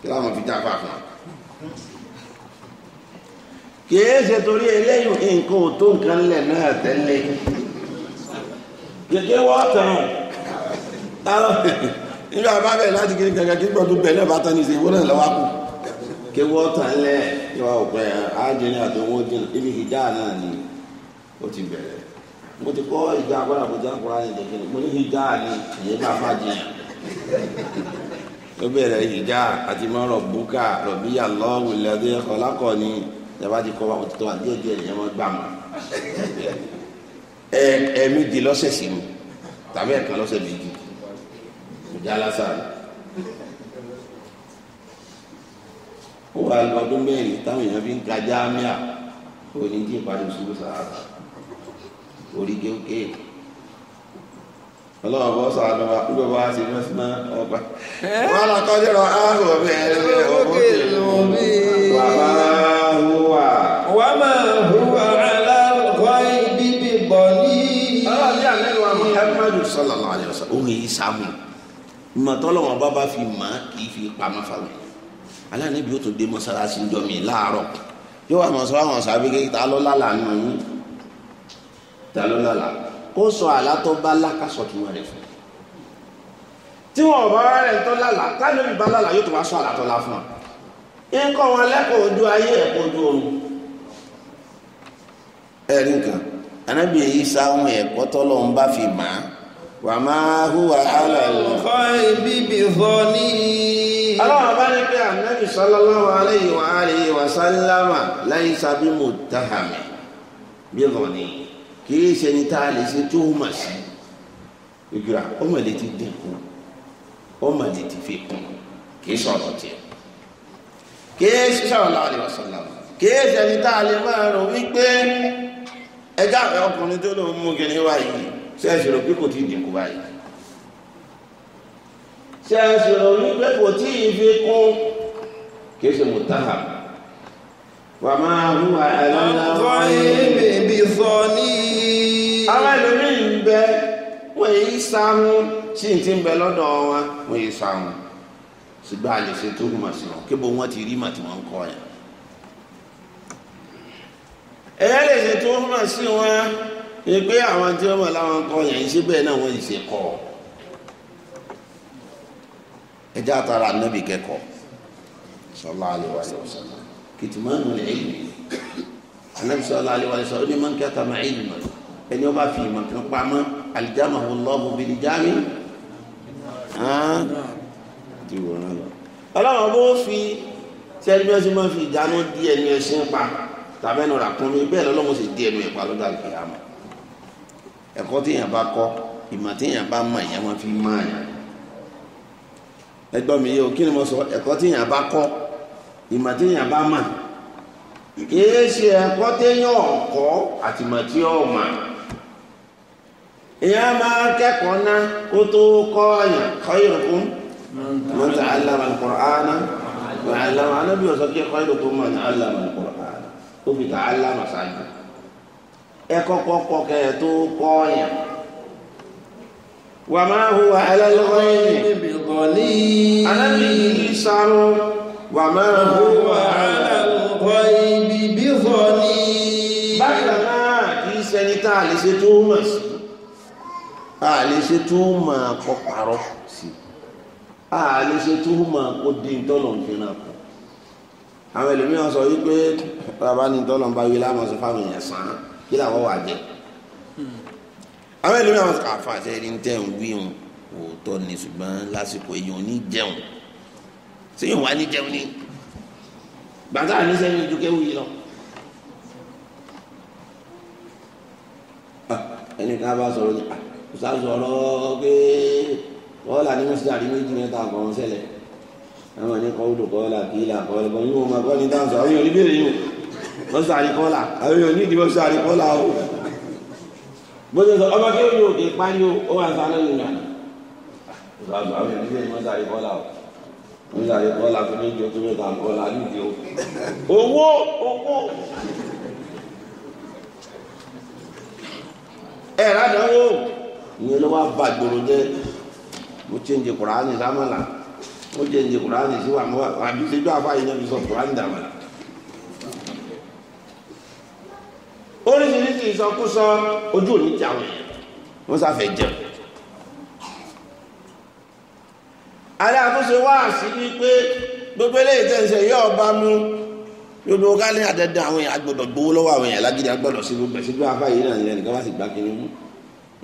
kí láwọn fi já afá fún kìí ṣe torí eléyìí nǹkan ò tó nǹkan lẹ̀ náà tẹ́lẹ̀ kìkì wọ́n tán nígbà bá láti kiri kankan kí náà bá tán ní náà lọ́wọ́ kù wọ́n mo ti kọ́ ìjà agbára kọjá kura ní ìdẹ̀kẹ́ mo ní ìjà ni ìyẹn bá bá jẹ ó bẹ̀rẹ̀ ìjà àti mọ́ rọ̀bùkà rọ̀bíyà lọ́wọ́ ìlẹ́dẹ́ ọ̀làkọ̀ ni ìjọba ti kọ́ wa kò ti tọ́ wa díẹ̀ díẹ̀ ìyẹn mọ́ gbà mọ́ ẹ ẹ̀mí di lọ́sẹ̀ sí mi tàbí ẹ̀kan lọ́sẹ̀ méjì ìjà lásán ó wà lọ́dún mẹ́rin táwọn èèyàn fi ń ga jáàmíà kò ní jí ìpàdé oṣù sàárà orí kéwké ọlọ́wọ́ bọ́ sàánú wa kúlọ̀ wá sí mẹ́sìmá ọba wọn lọ kọ́ jẹ́rọ áhùn ọ̀bẹ ẹ̀rẹ́ ọ̀bẹ lómi wà má hùwà wà má hùwà aláwọ̀ ibi bọ̀ ní. ọlọ́ọ̀dẹ́ àlẹ́wà Muhammadu sallallahu alayhi wa sallam òun yìí sàmù ìmọ̀tọ́lọ́wọ́n bá bá fi mọ̀ kì í fi pamọ́ fáwọn aláàánú ó tún dé mọ́sálásí ń mi láàárọ̀ yóò wà mọ̀ sọ́ ta ló lálà kó sọ àlá tó bá lá ká sọ tìmọ̀ rẹ̀ fún tí wọn bá rẹ̀ tó lálà táwọn ìbá lálà yóò tó wá sọ àlá fún un nǹkan wọn lẹ́kọ̀ọ́ ojú ayé ẹ̀kọ́ ojú oorun ẹ̀rí nǹkan anábì èyí sáwọn ẹ̀kọ́ tọ́lọ́ ń bá fi mà á wà máa hùwà hálà lọ. ọkọ ibi bí bọ ní. ọlọ́run bá pé ànábì sallallahu alayhi wa alihi wa sallama laysa bi muttaham bí bọ̀ nìyí kìí ṣe ni tá a lè ṣe tó o mà sí ìgbà ọmọ lè ti dínkù ọmọ lè ti fi kù kìí sọ̀rọ̀ tiẹ̀ kìí ṣe sallallahu alaihi wasallam kìí ṣe ni tá a lè máa rò wípé ẹjọ́ àwọn ọkùnrin tó lòún mú kí ni wáyé ṣe é ṣe pé kò tí ì dínkù báyìí ṣe é ṣe wípé kò tí ì fi kún kìí ṣe mùtáhà wàmà àwọn àlọ́ làwọn ẹ̀mí bí f àwọn ẹlòmíì ń bẹ wọ́n èyí sí ti ń bẹ lọ́dọ̀ wọn wọ́n èyí sáhún ṣùgbọ́n a lè ṣe tó kùmọ̀ sí wọn kébò ti rí mà tí ń kọ́ yẹn. ẹ̀yà lè ṣe tó sí wọn ni pé àwọn tí wọ́n mọ̀ láwọn kọ́ yẹn ṣé bẹ́ẹ̀ náà wọ́n yìí ṣe kọ́ ẹjẹ́ àtàrà ànábì kẹ́kọ̀ọ́ sallallahu alaihi wa sallam kìtìmọ́nù ilmi ó ní ẹni ọba fi ìmọ̀ kan pamọ́ alìjáàmù ọlọ́mù bíi jáàmì ti wòran lọ. ọlọ́run bó fi tí ẹni bí wọ́n ti máa fi ìdáná di ẹni ẹṣin pa tàbí ẹnu ràkúnmí bẹ́ẹ̀ lọ́lọ́run sì di ẹnu ẹ̀ pa lọ́dọ̀ àgbẹ̀ àmọ́ ẹ̀kọ́ téèyàn bá kọ́ ìmọ̀ téèyàn bá mọ̀ ìyá wọn fi mọ̀ ẹ̀ ẹgbọ́n mi yóò kí ni mo sọ ẹ̀kọ́ téèyàn bá kọ́ ìmọ̀ téèyàn bá mọ̀ kì í ṣe ẹ̀kọ́ téèyàn ọ̀kọ́ àtìmọ̀ tí ó mọ̀ ìyẹn máa kẹ́kọ̀ọ́ ná kó tó kọ́ ọ̀yàn khairukum man ta'allama al-Qur'ana wa 'allama anábì ọ̀sọ́ kí khairukum man ta'allama al-Qur'ana ó fi ta'allama ṣáájú ẹ kọ́kọ́ kọ́ kẹ́ ẹ tó kọ́ ọ̀yàn. wa ma huwa 'ala al-ghaybi yìí sáró wa ma huwa 'ala al-ghaybi bidanin bákan náà kì í ṣẹni tá a lè ṣe tó mọ̀ sí a lè ṣe tó máa kọ́ parọ́ sí i a lè ṣe tó máa kó dín tọ́lọ̀ nǹkan náà kù àwọn ẹlòmíràn sọ wípé bàbá ní tọ́lọ̀ ń bá wí láwọn sọ fáwọn èèyàn sàn án kí làwọn wà jẹ àwọn ẹlòmíràn sọ àfa àti ẹni tẹ̀ ń wí hùn òótọ́ ni ṣùgbọ́n lásìkò èèyàn ò ní jẹun sẹ́yìn wà ní jẹun ni gbàtà ní sẹ́yìn ojú kéwù yìí lọ. Ah, ẹnì kan bá sọ̀rọ̀ ní à ah, sàzọ̀rọ̀ pé kọ́ọ̀là ní mọ́sídà rí méjì mẹ́ta kan ṣẹlẹ̀ àwọn ní kọ́ọ̀lù kọ́ọ̀là kìlà kọ́ọ̀lù kan yóò máa kọ́ ní ni àwọn èèyàn níbèrè yìí mọ́sídà rí kọ́ọ̀là àwọn èèyàn nídìí mọ́sídà rí kọ́ọ̀là o. bó ṣe sọ ọmọ kí ó yóò kí pa ní ó wà sálẹ̀ yìí nà sàzọ̀ àwọn èèyàn níbèrè mọ́sídà rí kọ́ọ̀là o nígbà yìí kọ́lá fún méjì ọdún mẹ́ta kọ́lá nídìí o. owó owó. ẹ̀ rádàá wo ìyẹn ló wá bá gbòòrò jẹ́ mo change kùránì sámọ́là mo change kùránì sí wàmú àbí ṣe jọ́ àfáyín náà fi sọ kùránì dàmọ́là. oríṣiríṣi ìsọkúsọ ojú òní ti àwọn èèyàn wọ́n sáfẹ́ jẹun. alẹ́ àtúnṣe wá sí i pé gbogbo eléyìí tẹ̀ ń ṣe yóò bá mú gbogbo ká ní àdẹ́dẹ́ àwọn èèyàn agbọ́dọ̀ gbowó lọ́wọ́ àwọn èèyàn lágídí agbọ́dọ̀ sí gbogbo ẹ̀sìn tó afáyé náà nìyẹn nìkan wá sì gbá mú.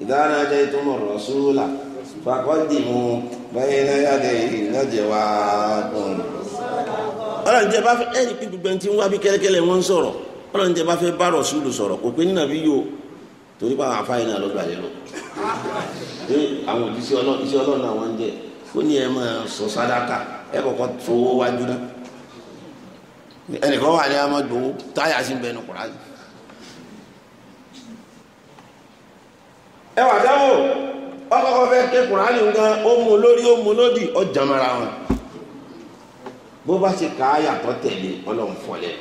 ìdáná jẹ́ ìtumọ̀ rọ̀ṣúlà fàkọ́dìmù bẹ́ẹ̀nà yàdẹ̀ ìnájẹ̀wà dùn. ọlọ́run tẹ bá fẹ́ ẹ̀rí pé gbogbo ẹni ń wá bí sọrọ tẹ bá fẹ́ bá rọ̀ṣúlù sọ̀rọ̀ kò pé nínà bí yóò torí àwọn afáyín náà pé àwọn náà wọ́n ń ní ẹ máa sọ ẹ ẹ wà dáwò ọkọ̀kọ́ fẹ́ ké kùránì nǹkan ó mú lórí ó mú lódì ó jàmara wọn bó bá ṣe kà á yàtọ̀ tẹ̀lé ọlọ́run fọlẹ́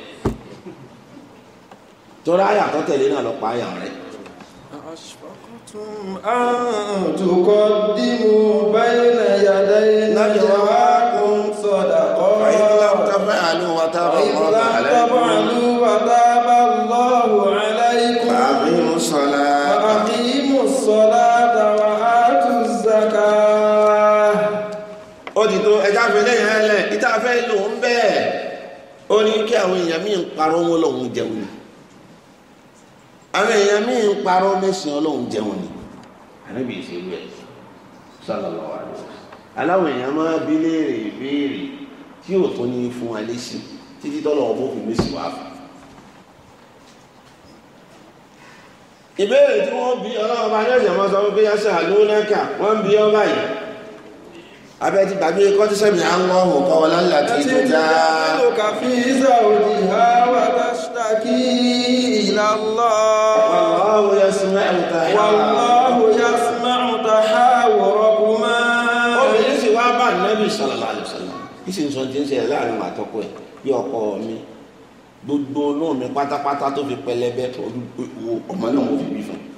torí àyàtọ̀ náà lọ pa àyà rẹ̀. àtùkọ́ dìbò báyìí náà yàda iná jọ̀wọ́ kún sọ̀dà kọ́. àyíká tábà àlù wà tábà kọ́ àlù. fẹ́ lò ń bẹ́ẹ̀ ó ní kí àwọn èèyàn míì ń parọ́ wọn lòun jẹun ni àwọn èèyàn míì ń parọ́ mẹ́sìn ọlọ́run jẹun ni ẹ̀ èèyàn máa bí léèrè ìbéèrè tí yóò tó ní fún wa léṣe títí tọ́lọ̀ ọ̀bọ̀ kò mẹ́sìn wá fún. ìbéèrè tí wọ́n bí ọlọ́run bá máa sọ pé yẹ́sẹ̀ ọ abẹ́tí gbàgbé kọ́tísẹ́mì à ń wọ́n hù kọ́ wọn lálẹ́ àti ìjọjá. Wallahu yasma'u tahawurakuma. Obìnrin sì wá bá Nábì sallallahu alaihi wasallam. Ìsì ń sọ ti ń ṣe láàrin àtọ́kọ ẹ̀ bí ọkọ mi. Gbogbo olóhùn pátápátá tó fi pẹlẹbẹ ọmọ náà mo fi bí fún un.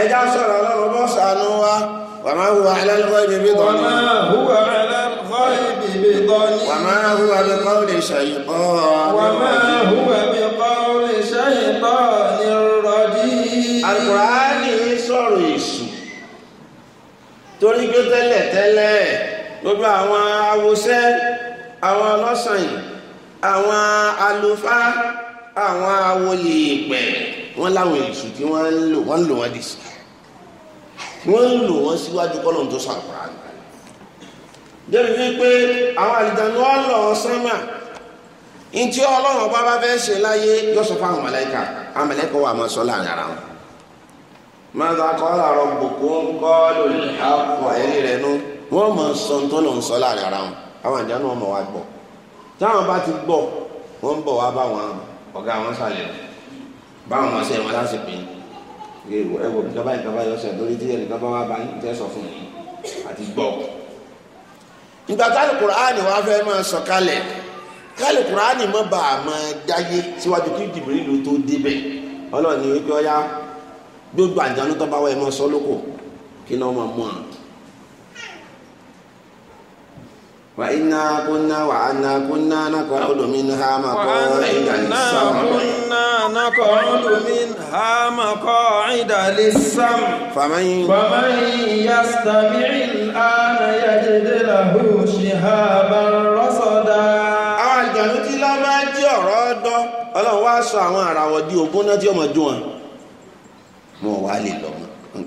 ẹjá sọ̀rọ̀ ọlọ́run bọ́ sànú wa wà máa hùwà alẹ́lẹ́kọ́ ibi bí tọ́ni wà máa hùwà alẹ́lẹ́kọ́ ibi bí tọ́ni wà máa hùwà bí kọ́ lè ṣàyẹ̀kọ́ wà máa hùwà bí kọ́ lè ṣàyẹ̀kọ́ ní rọ̀dí. Al-Kùránì sọ̀rọ̀ èṣù torí pé tẹ́lẹ̀ gbogbo àwọn awosẹ́ àwọn ọlọ́sàn àwọn àlùfáà àwọn awolè ìpẹ̀ wọ́n láwọn èṣù tí wọ́n lò wọ́n lò wọ́n dì wọ́n ń lò wọ́n síwájú tó débi àwọn sánmà ní tí ọlọ́run ọba bá fẹ́ ṣe láyé yóò sọ máa sọ láàrin ara wọn mọ́tò akọ́lá rabbukum qalu al ẹ̀rí rẹ̀ nú wọ́n máa wọn àwọn ọmọ wa táwọn bá ti wọ́n ń bọ̀ wá bá ọ̀gá wọn sàlẹ̀ báwọn ẹwọ ìjọba ìjọba ìyọsẹ lórí tí ẹnìkan bá wà bá yín tẹ sọ fún yín àti gbọ́. ìgbà táàlù kùránì wàá fẹ́ máa sọ kalẹ̀ má máa dáyé síwájú kí jìbìrì ló tó débẹ̀ ọlọ́ọ̀ni gbogbo نقعد منها مقاعد للسمع فمن, فمن يستمع الآن يجد له شهابا رصدا àwọn àjànú tí lọ́ máa jí ọ̀rọ̀ ọdọ́ ọlọ́run wá sọ àwọn àràwọ̀ di ogún náà tí ọmọ jó wọn mo wà lè lọ mọ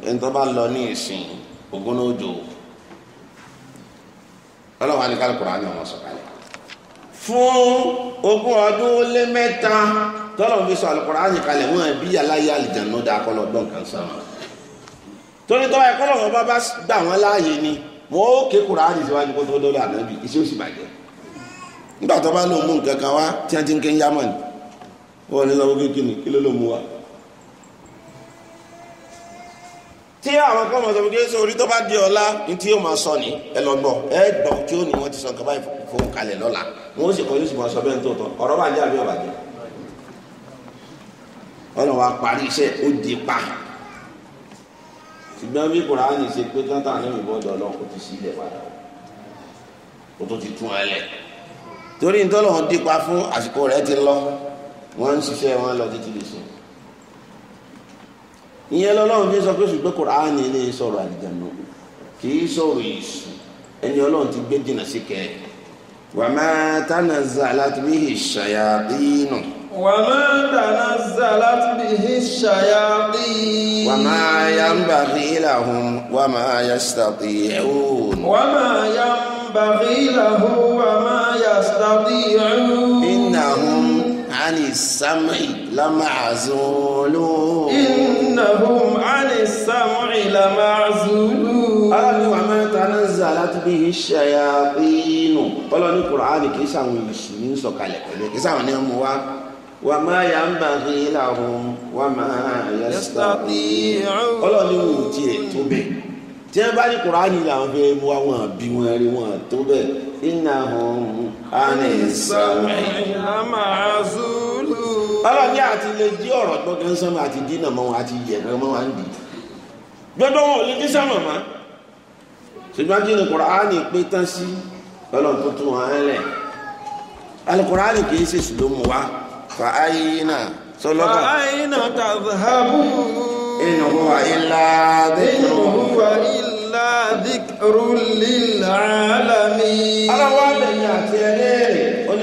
ẹni tó bá lọ ní ìsìn ogún náà jò ọlọ́run á ní kálukú rà ní ọmọ sọ̀kalẹ̀. fún ogún ọdún ó lé mẹ́ta tọ́lọ̀ fi sọ Al-Kùránì kalẹ̀ wọ́n bí aláyé àlìjànú dá kọ́lọ̀ gbọ́n kan torí tọ́wọ́ ẹ̀kọ́ lọ́wọ́ bá gbà wọ́n láàyè ni wọ́n ó ké Kùránì síwájú kó tó kan wá tí wọ́n ti ń ké ń ni wọ́n ní lọ́wọ́ kékeré wa tí àwọn kan mọ̀ sọ pé sọ orí tó bá di ọ̀la ní tí yóò máa sọ ní ẹlọgbọ́n ẹgbọ́n tí ó ní wọ́n ti sọ nǹkan báyìí fún kalẹ̀ lọ́la wọn ó sì kọ́ yóò sọ bẹ́ẹ̀ ní tòótọ́ ọ̀rọ̀ bá jẹ́ àbí ọ̀bà jẹ́ ọ̀nà wa parí iṣẹ́ ó di pa ṣùgbọ́n bí kùránì ṣe pé tọ́ta ní ìbọ̀dọ̀ náà ó ti sí ilẹ̀ padà ó tó ti tún ẹ lẹ̀ torí nítorí wọn dípa fún àsìkò rẹ̀ ti lọ wọn ń ṣiṣẹ́ wọn lọ títí lè sùn ìyẹn lọ́lọ́run fi sọ pé ṣùgbọ́n kùránì ní sọ̀rọ̀ àlìjànú kì í sọ̀rọ̀ èṣù ẹni ọlọ́run ti gbé jìnnà sí kẹ́ wà má tánà zalat bihi ṣayàtínù. wà má tánà zalat bihi ṣayàtínù. wà má yanbaghi lahum wà má yastati'un. wà má yanbaghi lahum wà má yastati'un. innahum ani sam'i lama'zulun innahum ani sam'i lama'zulun. aláàbí wa ma tanazzalat bihi ash-shayatinu ọlọ́ni kùránì kì í sàwọn mùsùlùmí ń sọ̀kalẹ̀ pẹ̀lú kì í sàwọn ní ọmọ wa wa ma yanbaghi lahum wa ma yastati'un. ọlọ́ni wò ó tiẹ̀ tó bẹ́ẹ̀ tí wọ́n bá ní kùránì làwọn fẹ́ mú wa wọn bí wọn rí wọn tó bẹ́ẹ̀ innahum ani sam'i lama'zulun ọlọ́ni àti lè jí ọ̀rọ̀ gbọ́gán sánmà àti dínà mọ́ wọn àti yẹ̀rẹ̀ mọ́ wọn dì gbọ́dọ̀ wọn ò lè dí sánmà mọ́ ṣùgbọ́n jí ni kùránì pé tán sí ọlọ́run tó tún wọn lẹ̀ alukùránì kì í ṣe sùn ló mú wa fa ayina sọlọ́kà fa ayina tàbí inú wa ilá dìkìrù inú wa ilá dìkìrù lílàálàmì. aláwọ̀ àbẹ̀yìn àti ẹ̀rẹ́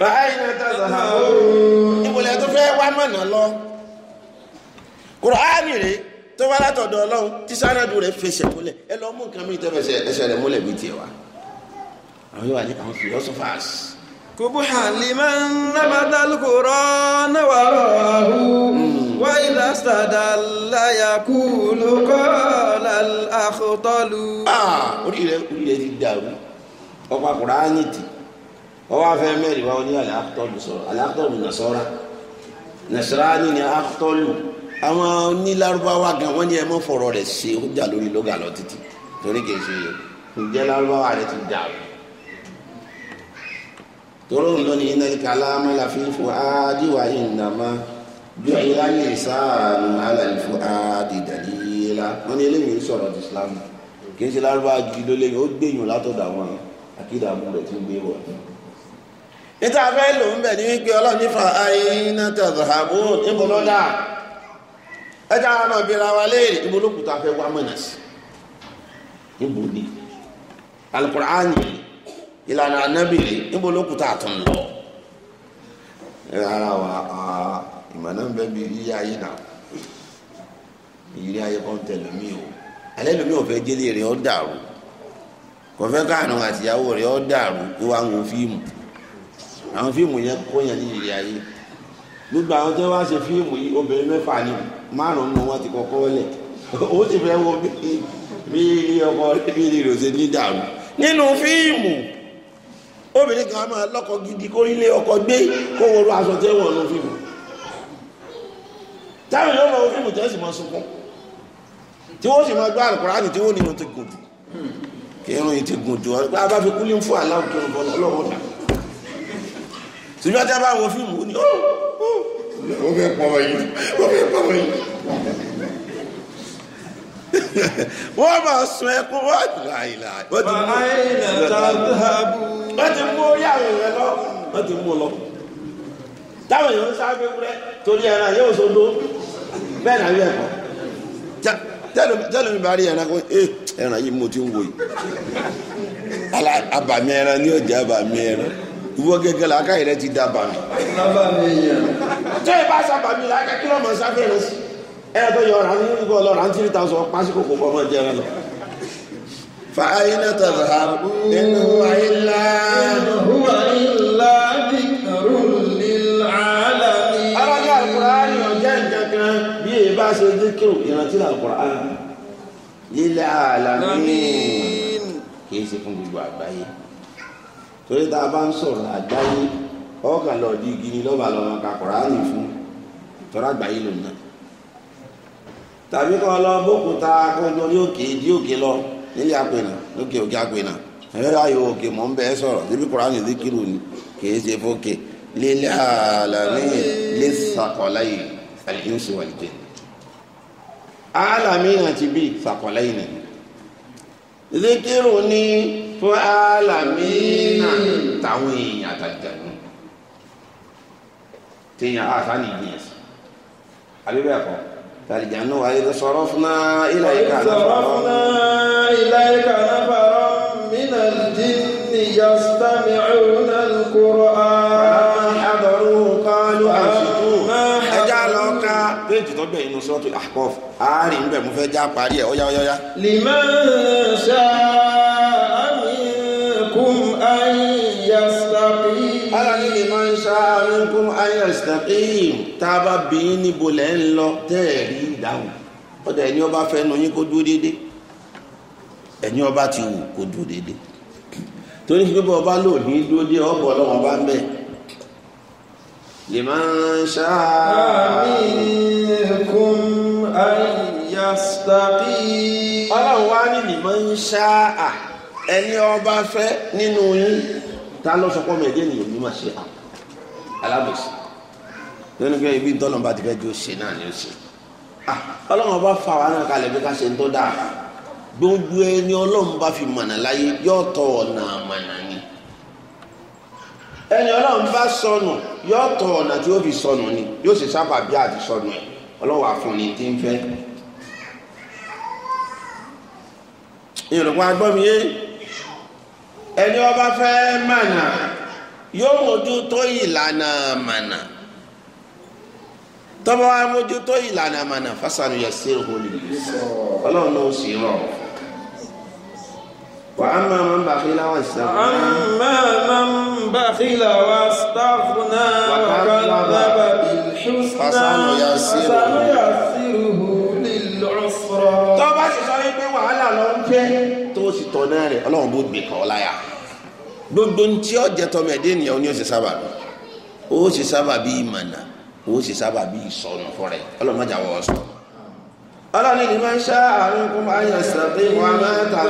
fàáyìn tàzàhà ooo. ìbòlẹ̀ tó fẹ́ wá mọ̀nà lọ. kùrọ̀ánì rèé tó wá látọ̀dọ̀ ọlọ́run tí sànàdù rẹ̀ fẹsẹ̀ múlẹ̀ ẹ lọ mú nǹkan mi tẹ́ fẹsẹ̀ ẹsẹ̀ rẹ̀ múlẹ̀ bíi tiẹ̀ wa. àwọn yóò wá ní àwọn philosophers. kubuha liman nabadal Qur'an warahu wa idha istadalla yaqulu qala al-akhtalu. orí rẹ orí rẹ ti dàrú ọ̀pọ̀ Kùránì tì ọwọ́ afẹ́ mẹ́rin wa ní aláàtọ́lù sọ̀rọ̀ aláàtọ́lù nàṣọ́ra nàṣọ́rání ni aláàtọ́lù àwọn onílárúbáwá gan wọ́n ní ẹ mọ́ fọ̀rọ̀ rẹ̀ ṣe ó jà lórí lóga lọ títí torí kì í ṣe ǹjẹ́ lárúbáwá rẹ̀ ti dà o tóró ń lọ ní iná ìkàlá mọ́lá fífò ádìwá ìnàmá bí ìlà ní ìsáàánú alàlìfò ádìdàlíyélá wọ́n ní eléyìí ń sọ̀rọ̀ ti Islam kì í ṣe lárúbáwá gidi ló léyìn ó gbẹ̀yìn látọ̀dọ̀ àwọn akídàmú rẹ̀ tí ń gbé wọ̀ níta fẹ́ lò ń bẹ̀ wípé ọlọ́run nífa àìyíná tẹ̀sàbó níbo ló dáa ẹja àwọn ọ̀bìnrin àwa léèrè níbo fẹ́ wá mọ̀nà ni alukur'ani ìlànà anábìrì níbo ló lọ. wa ìmọ̀nà ń bẹ bí ilé ayé tẹ̀lé mi o alẹ́ lómi ò fẹ́ jẹ́lé rẹ̀ ọ́ dàrú káàánú àtìyàwó rẹ̀ ọ́ dàrú ń wo fíìmù. àwọn fíìmù yẹn kóyàn ní ìrìn ayé gbogbo àwọn tí wọ́n ṣe fíìmù yìí obìnrin mẹ́fà ni márùn-ún wọn ti kọ́kọ́ lẹ̀ ó sì fẹ́ wọ bí ilé ọkọ bí ilé rò ṣe ní dàrú nínú fíìmù obìnrin kan máa lọ́kọ gidi kó ilé ọkọ gbé kó wọlé aṣọ tẹ́ wọ̀ nínú fíìmù táwọn yóò lọ fíìmù tẹ́ sì máa sunkún tí wọ́n sì máa gbá àlùkùránì tí wọ́n ní wọn ti gùn jù kí irun yìí ti gùn jù wọn bá fi kúlí ń fún aláwọ̀ kí wọn bọ́ lọ́wọ́ dàrú ṣùgbọ́n tí a bá wo fíìmù ó ní ó oh, oh. ó fẹ́ pọ̀ yìí ó fẹ́ pọ̀ yìí wọ́n máa sun ẹkún wá láìlà wọ́n ti mú wọ́n ti mú orí àwọn èèyàn lọ wọ́n ti mú lọ táwọn èèyàn ń sáré wúrẹ́ torí ẹran yóò sodo bẹ́ẹ̀ náà yóò ẹ̀kọ́ tẹ́lẹ̀ mi bá rí ẹran kó eh, ẹran yìí mo ti ń wò yìí abàmì ẹran ni yóò jẹ́ abàmì ẹran ìwọ gẹ́gẹ́ làákà yẹrẹ ti da bàmí. tó yẹ bá sábàmí làákà kí ló mọ sáfẹ́ rẹ sí ẹ tó yọ ọ̀rá nínú ìgbọ́ ọlọ́run àti three thousand pásíkò kò bọ́ mọ́ jẹ́ rẹ lọ. fa ayiná tàbí ha inú ayélá. inú ayélá bí karùn-ún alámi. ara ní àkùránì ọjọ́ ìjọkan bí èyí bá ṣe díkìrù ìrántí àkùránì lílẹ̀ alámi kì í ṣe fún gbogbo àgbáyé. torí tá a bá ń sọ̀rọ̀ àgbáyé di igi ni lọ́ba lọ́wọ́ ka Kùránì fún àgbáyé tàbí kọ́ lọ ní òkè di òkè lọ nílé apẹ̀nà lókè òkè apẹ̀nà ẹ̀rọ ayò òkè mọ̀ ń bẹ́ ẹ sọ̀rọ̀ débi Kùránì ní kírun ni kìí ṣe fókè lílẹ̀ àlàní lè sàkọ̀láyè àlìyéǹsì wà lìjẹ́ àlàmì àti bíi sàkọ̀láyè zikiru ni àtàwọn èèyàn àtàjànú téèyàn àṣà nìyẹn sí àbí bẹ́ẹ̀ kọ́ tàlìjànú ayé lọ sọ̀rọ̀ fún náà ilẹ̀ ìka náà sọ̀rọ̀ fún náà ilẹ̀ ìka náà fọ̀rọ̀ mínà jinni yastami'una al-Qur'an àdọ̀rù kọ́lù àṣìkú ẹja lọ ká péjì tó bẹ̀yìn nù sọ́tù Ahqaf àárín bẹ̀ mo fẹ́ já parí ẹ̀ ọ̀yá ọ̀yá. liman sha'a minkum ayé yastaqim. alani ni máa ń ṣá minkum an yastaqim tá a bá bí yín níbo lẹ́ ń lọ tẹ́ ẹ̀ rí ìdáhùn ọ̀dà ẹni ọba fẹ́ nu yín kó dúró déédéé ẹni ọba ti wù kó dúró déédéé torí pé bọ́ ọba lò ní dúró dé ọ̀bọ̀ ọlọ́wọ́n bá ń bẹ̀ lè máa ń ṣá. minkum an ọlọ́run wá ní lè máa ń ṣá ẹni ọba fẹ́ nínú yín. Ta lọ sọ pọ́nmọ ẹ̀dẹ́ nìyẹn ní ma ṣe alábòsí lónìí ibi tọ́lọ̀ bá ti fẹ́ di òṣè náà ni òṣè ah, ọlọ́run ọba fa wa náà kalẹ̀ bí ká ṣe ń tó dáa gbogbo ẹni ọlọ́run bá fi mọ̀nà láyé yóò tọ ọ̀nà ni ẹni ọlọ́run bá sọnù yóò tọ ọ̀nà tí ó fi sọnù ni yóò sì sábà bí àti sọnù ọlọ́run ti ẹni ọba fẹ́ mànà yóò mójútó ìlànà mànà tọ́ba wa mójútó ìlànà mànà fásánù yasiruhu ọlọ́run ló sì rọ̀ wà á máa máa ń bà fílà wà sàfúnà. wà á máa máa ń bà fílà wà sàfúnà. wà á máa bà fásánù yasiruhu tọ́ba sì sọ wípé wàhálà ló ń jẹ́ tó sì tọ́ náà rẹ̀ ọlọ́run bó gbè gbogbo ń tí ọjẹ ni ó ṣe sábà bí ó ṣe sábà bí ìmọ̀nà ó ṣe sábà bí ìsọnù fúnra ẹ ọlọ́mọdé àwọn ọ̀sán. ọlọ́ni ni wọ́n ń ṣá àrùn kún ayọ̀ sàbí wọn máa ń ta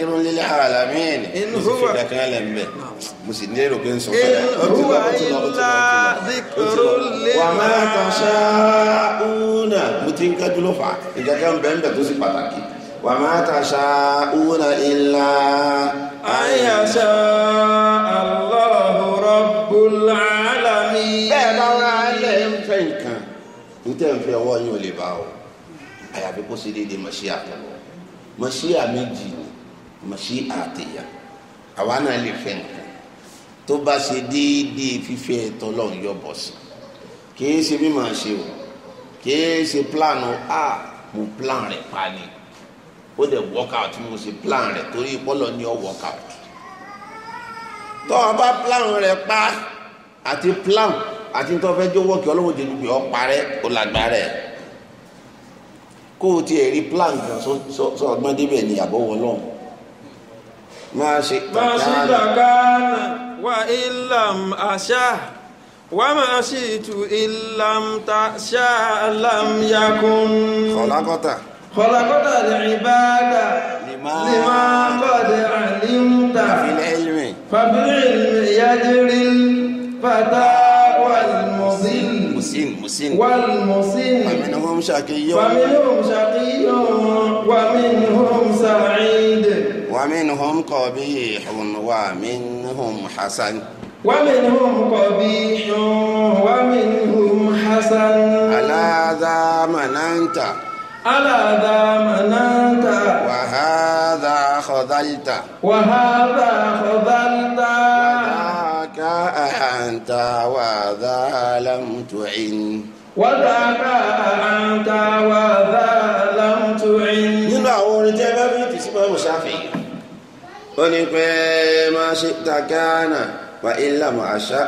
zakirun lil alamin mo sì fi kankan lẹ̀ mbẹ́ mo sì nílẹ̀ rògbé nsọ fẹ́lẹ̀. ìhùwà ilà zikrun lil wà má tàṣà una mo ti ń kájú ló fà á ìkankan bẹ́ẹ̀ bẹ́ẹ̀ tó sì pàtàkì wà má tàṣà una ilà ayàṣà Allahu rabbul alamin. bẹ́ẹ̀ bá wà á lẹ̀ ń fẹ́ nǹkan ní tẹ́ ń fẹ́ ọwọ́ yín ò lè bá o àyàfi kó ṣe déédéé mọ̀ṣíà kan lọ mọ̀ṣíà méjì ni mashi'atiyya àwa náà lè fẹ́ nǹkan tó bá ṣe déédéé fífẹ́ ẹ̀tọ́ lọ́run yọ bọ̀ sí kìí ṣe bí màá ṣe o kìí ṣe plan a mo plan rẹ̀ pa ni ó dẹ̀ work out mo ṣe plan rẹ̀ torí bọ́lọ̀ ni ó work out tó o bá plan rẹ̀ pa àti plan àti tó fẹ́ jó wọ́ọ̀kì ọlọ́wọ́ jẹ́ o ọ̀parẹ́ ọ̀làgbàrẹ́ kó o tiẹ̀ rí plan gan sọ ọgbọ́n débẹ̀ ni àbọ̀wọ̀ lọ́hùn ما شئت ما شئت كان وإن لم أشاء وما شئت إن لم تشاء لم يكن خلقت خلقت العبادة لما, لما قد علمت ففي العلم فبالعلم يجري الفتى والمسن مسن مسن والمسن فمنهم شقي ومنهم شقي ومنهم سعيد ومنهم قبيح ومنهم حسن ومنهم قبيح ومنهم حسن ألا ذا مننت ألا ذا مننت وهذا خذلت وهذا خذلت وذاك أعنت وذا لم تعن وذاك أعنت وذا لم تعن nínú àwọn orin tí ẹ bá fi tì sí mọ́ mùsáfì ó ma pé máa ṣe takana pa ilà máa ṣá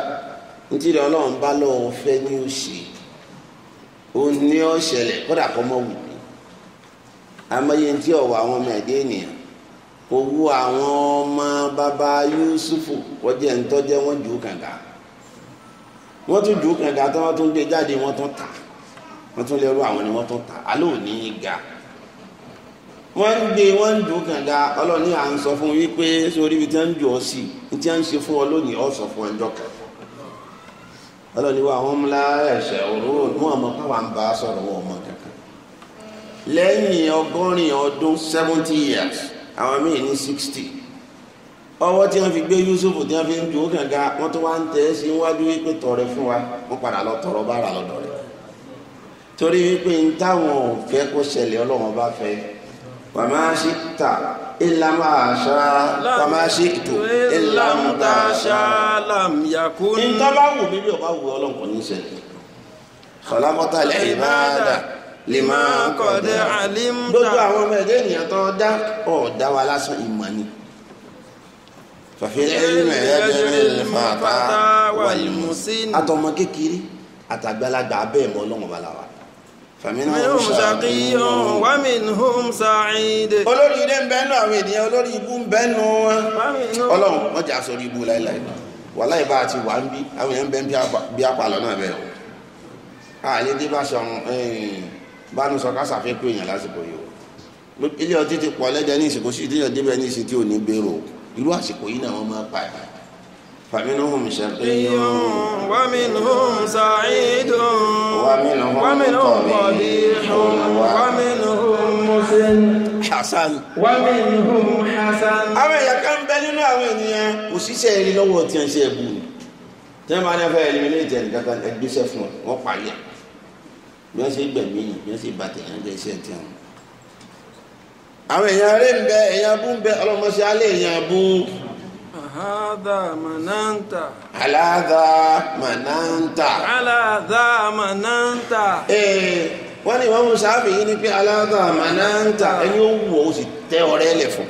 nítorí ọlọ́run bá lọ́wọ́ fẹ́ ní òṣì ó ní ó o kọ́ mọ́ wù mí amáyé ọ̀wọ́ àwọn ọmọ ẹ̀dẹ́ ènìyàn owó àwọn ọmọ bàbá Yusufu wọ́n jẹ́ ń kànga wọ́n tún jù kànga tí wọ́n jáde wọ́n tún ta. wọ́n tún ni wọ́n tún ta wọ́n ń gbé wọ́n ń dùn ọlọ́ni à ń sọ fún wípé sórí ibi tí wọ́n ń jù ọ́ sí i tí wọ́n ń fún ọ lónìí ọ́ sọ fún ẹjọ́ kan ọlọ́ni wa wọ́n múlá ẹ̀ṣẹ̀ òróró ní sọ̀rọ̀ lẹ́yìn ọgọ́rin ọdún seventy years àwọn míì ní sixty ọwọ́ tí wọ́n fi gbé Yusuf tí wọ́n fi ń dùn kànga wọ́n وما شئت إلا ما شاء وما شئت إلا ما شاء لم يكن إن تبعوا بيبي وبعوا ولم كن خلقت العبادة لما قد علمت gbogbo àwọn ọmọ ẹ̀dẹ́ ènìyàn tó dá ọ̀dá wa lásán ìmọ̀ ni fàfihàn ẹ̀rí mẹ́rin ẹ̀dẹ́rẹ́ fàtà wàlúmùsí àtọmọ kékeré àtàgbàlagbà abẹ́ ẹ̀mọ́ ọlọ́run bá la wa minhum shaqiyun wa minhum sa'id. olórí ilé ń bẹ́nu àwọn ènìyàn olórí ibú ń bẹ́nu wọn. ọlọ́run wọ́n jà sórí ibú láéláé wàláì bá a ti wà ń bí àwọn èèyàn ń bẹ́ bí apàlọ́ náà bẹ́ẹ̀ o. àyè dé bá sọ eh, bánu sọ ká ṣàfihàn èèyàn lásìkò yìí o. ilé ọtí ti pọ̀ lẹ́jẹ̀ ní ìsìnkú sí ilé ọtí bẹ́ẹ̀ ní ìsìn tí ò ní gbèrò irú àsìkò yìí náà wọ́n máa pàdé فمنهم شقي ومنهم سعيد ومنهم قبيح ومنهم مسن hasan. ومنهم حسن. àwọn èèyàn kan bẹ nínú àwọn ènìyàn kò ṣiṣẹ́ eré lọ́wọ́ tí wọ́n ṣe é bù ní. tí wọ́n bá ní afẹ́ ẹlẹ́mìí léèjẹ́ nìkankan ẹgbẹ́sẹ̀ fún ọ wọ́n parí ẹ̀ bí wọ́n ṣe gbẹ̀mí yìí bí wọ́n ṣe bàtẹ̀ yẹn jẹ́ iṣẹ́ tí wọ́n. àwọn èèyàn eré ń bẹ èèyàn bú ń bẹ ọlọ́mọṣẹ́ alẹ́ èèyàn bú. هذا مننت على ذا مننت على ذا مننت إيه wọ́n ní ìwọ́n sáàbì yìí ni pé aláàdá àmànáńtà ẹni ó wù ó sì tẹ ọ̀rẹ́ lẹ̀ fún.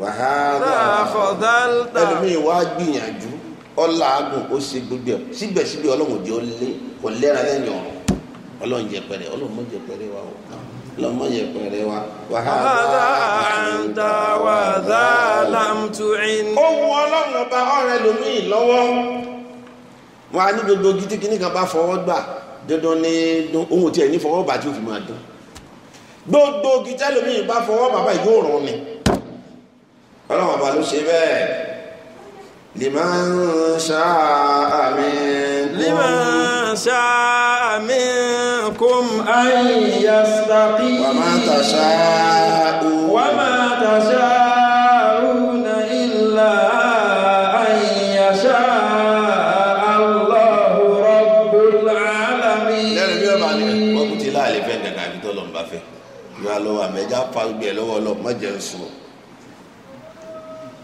wàhálà ẹlòmíín wá gbìyànjú ọ̀làágùn ó ṣe gbogbo ẹ̀ síbẹ̀síbẹ̀ ọlọ́run jẹ́ ó lé kò lẹ́ra lẹ́yìn ọ̀rọ̀ ọlọ́run jẹ́ pẹ̀rẹ̀ ọlọ́run mọ́ jẹ́ pẹ̀rẹ̀ wa o. lọmọ yẹ wa. wàhálà àǹtà wàhálà làmtùín. ohun ọlọ́run ọba ọ̀rẹ́ lomi lọ́wọ́ wa ní gbogbo gidi kíní kan bá fọwọ́ gbà dandan ní ohun tí ẹ̀ ní fọwọ́ bá gbogbo شاء منكم أن يستقيم وما تشاءون وما تشاءون إلا أن يشاء الله رب العالمين lẹ́nu bí wọ́n bá lọ́wọ́ lọ ń sùn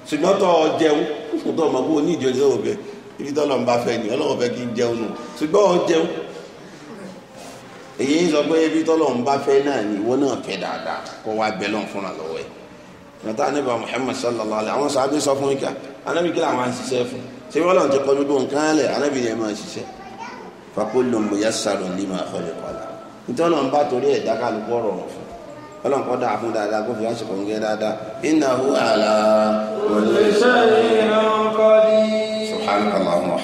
ṣùgbọ́n tó jẹun kó tó ọmọ kó o ní ìjọ ìjọba bẹ́ẹ̀ ibi tọ́lọ̀ ń bá fẹ́ ni ọlọ́run fẹ́ kí n jẹun nù ṣùgbọ́n ọ jẹun èyí ń sọ pé ibi tọ́lọ̀ ń bá fẹ́ náà ni ìwọ náà fẹ́ dáadáa kó wá bẹ́ lọ́n fúnra lọ́wọ́ ẹ̀ nàtà anábà Muhammad sallallahu alayhi àwọn sábẹ́ sọ fún ìkà anábì kí làwọn á ṣiṣẹ́ fún ṣé wọ́n lọ́n ti kọ́ gbogbo nǹkan lẹ̀ anábì yẹn máa ṣiṣẹ́ fakulu muyasaru lima kọlẹkọla ntọ́nà ń bá torí ẹ̀dá kálukú ọ̀rọ̀ fún ọlọ́n kọ́ dáa fún dáadáa kó fi wá ṣùkọ́ ń gẹ́ dáadáa innahu ala kulli shay'in qadir. Anak a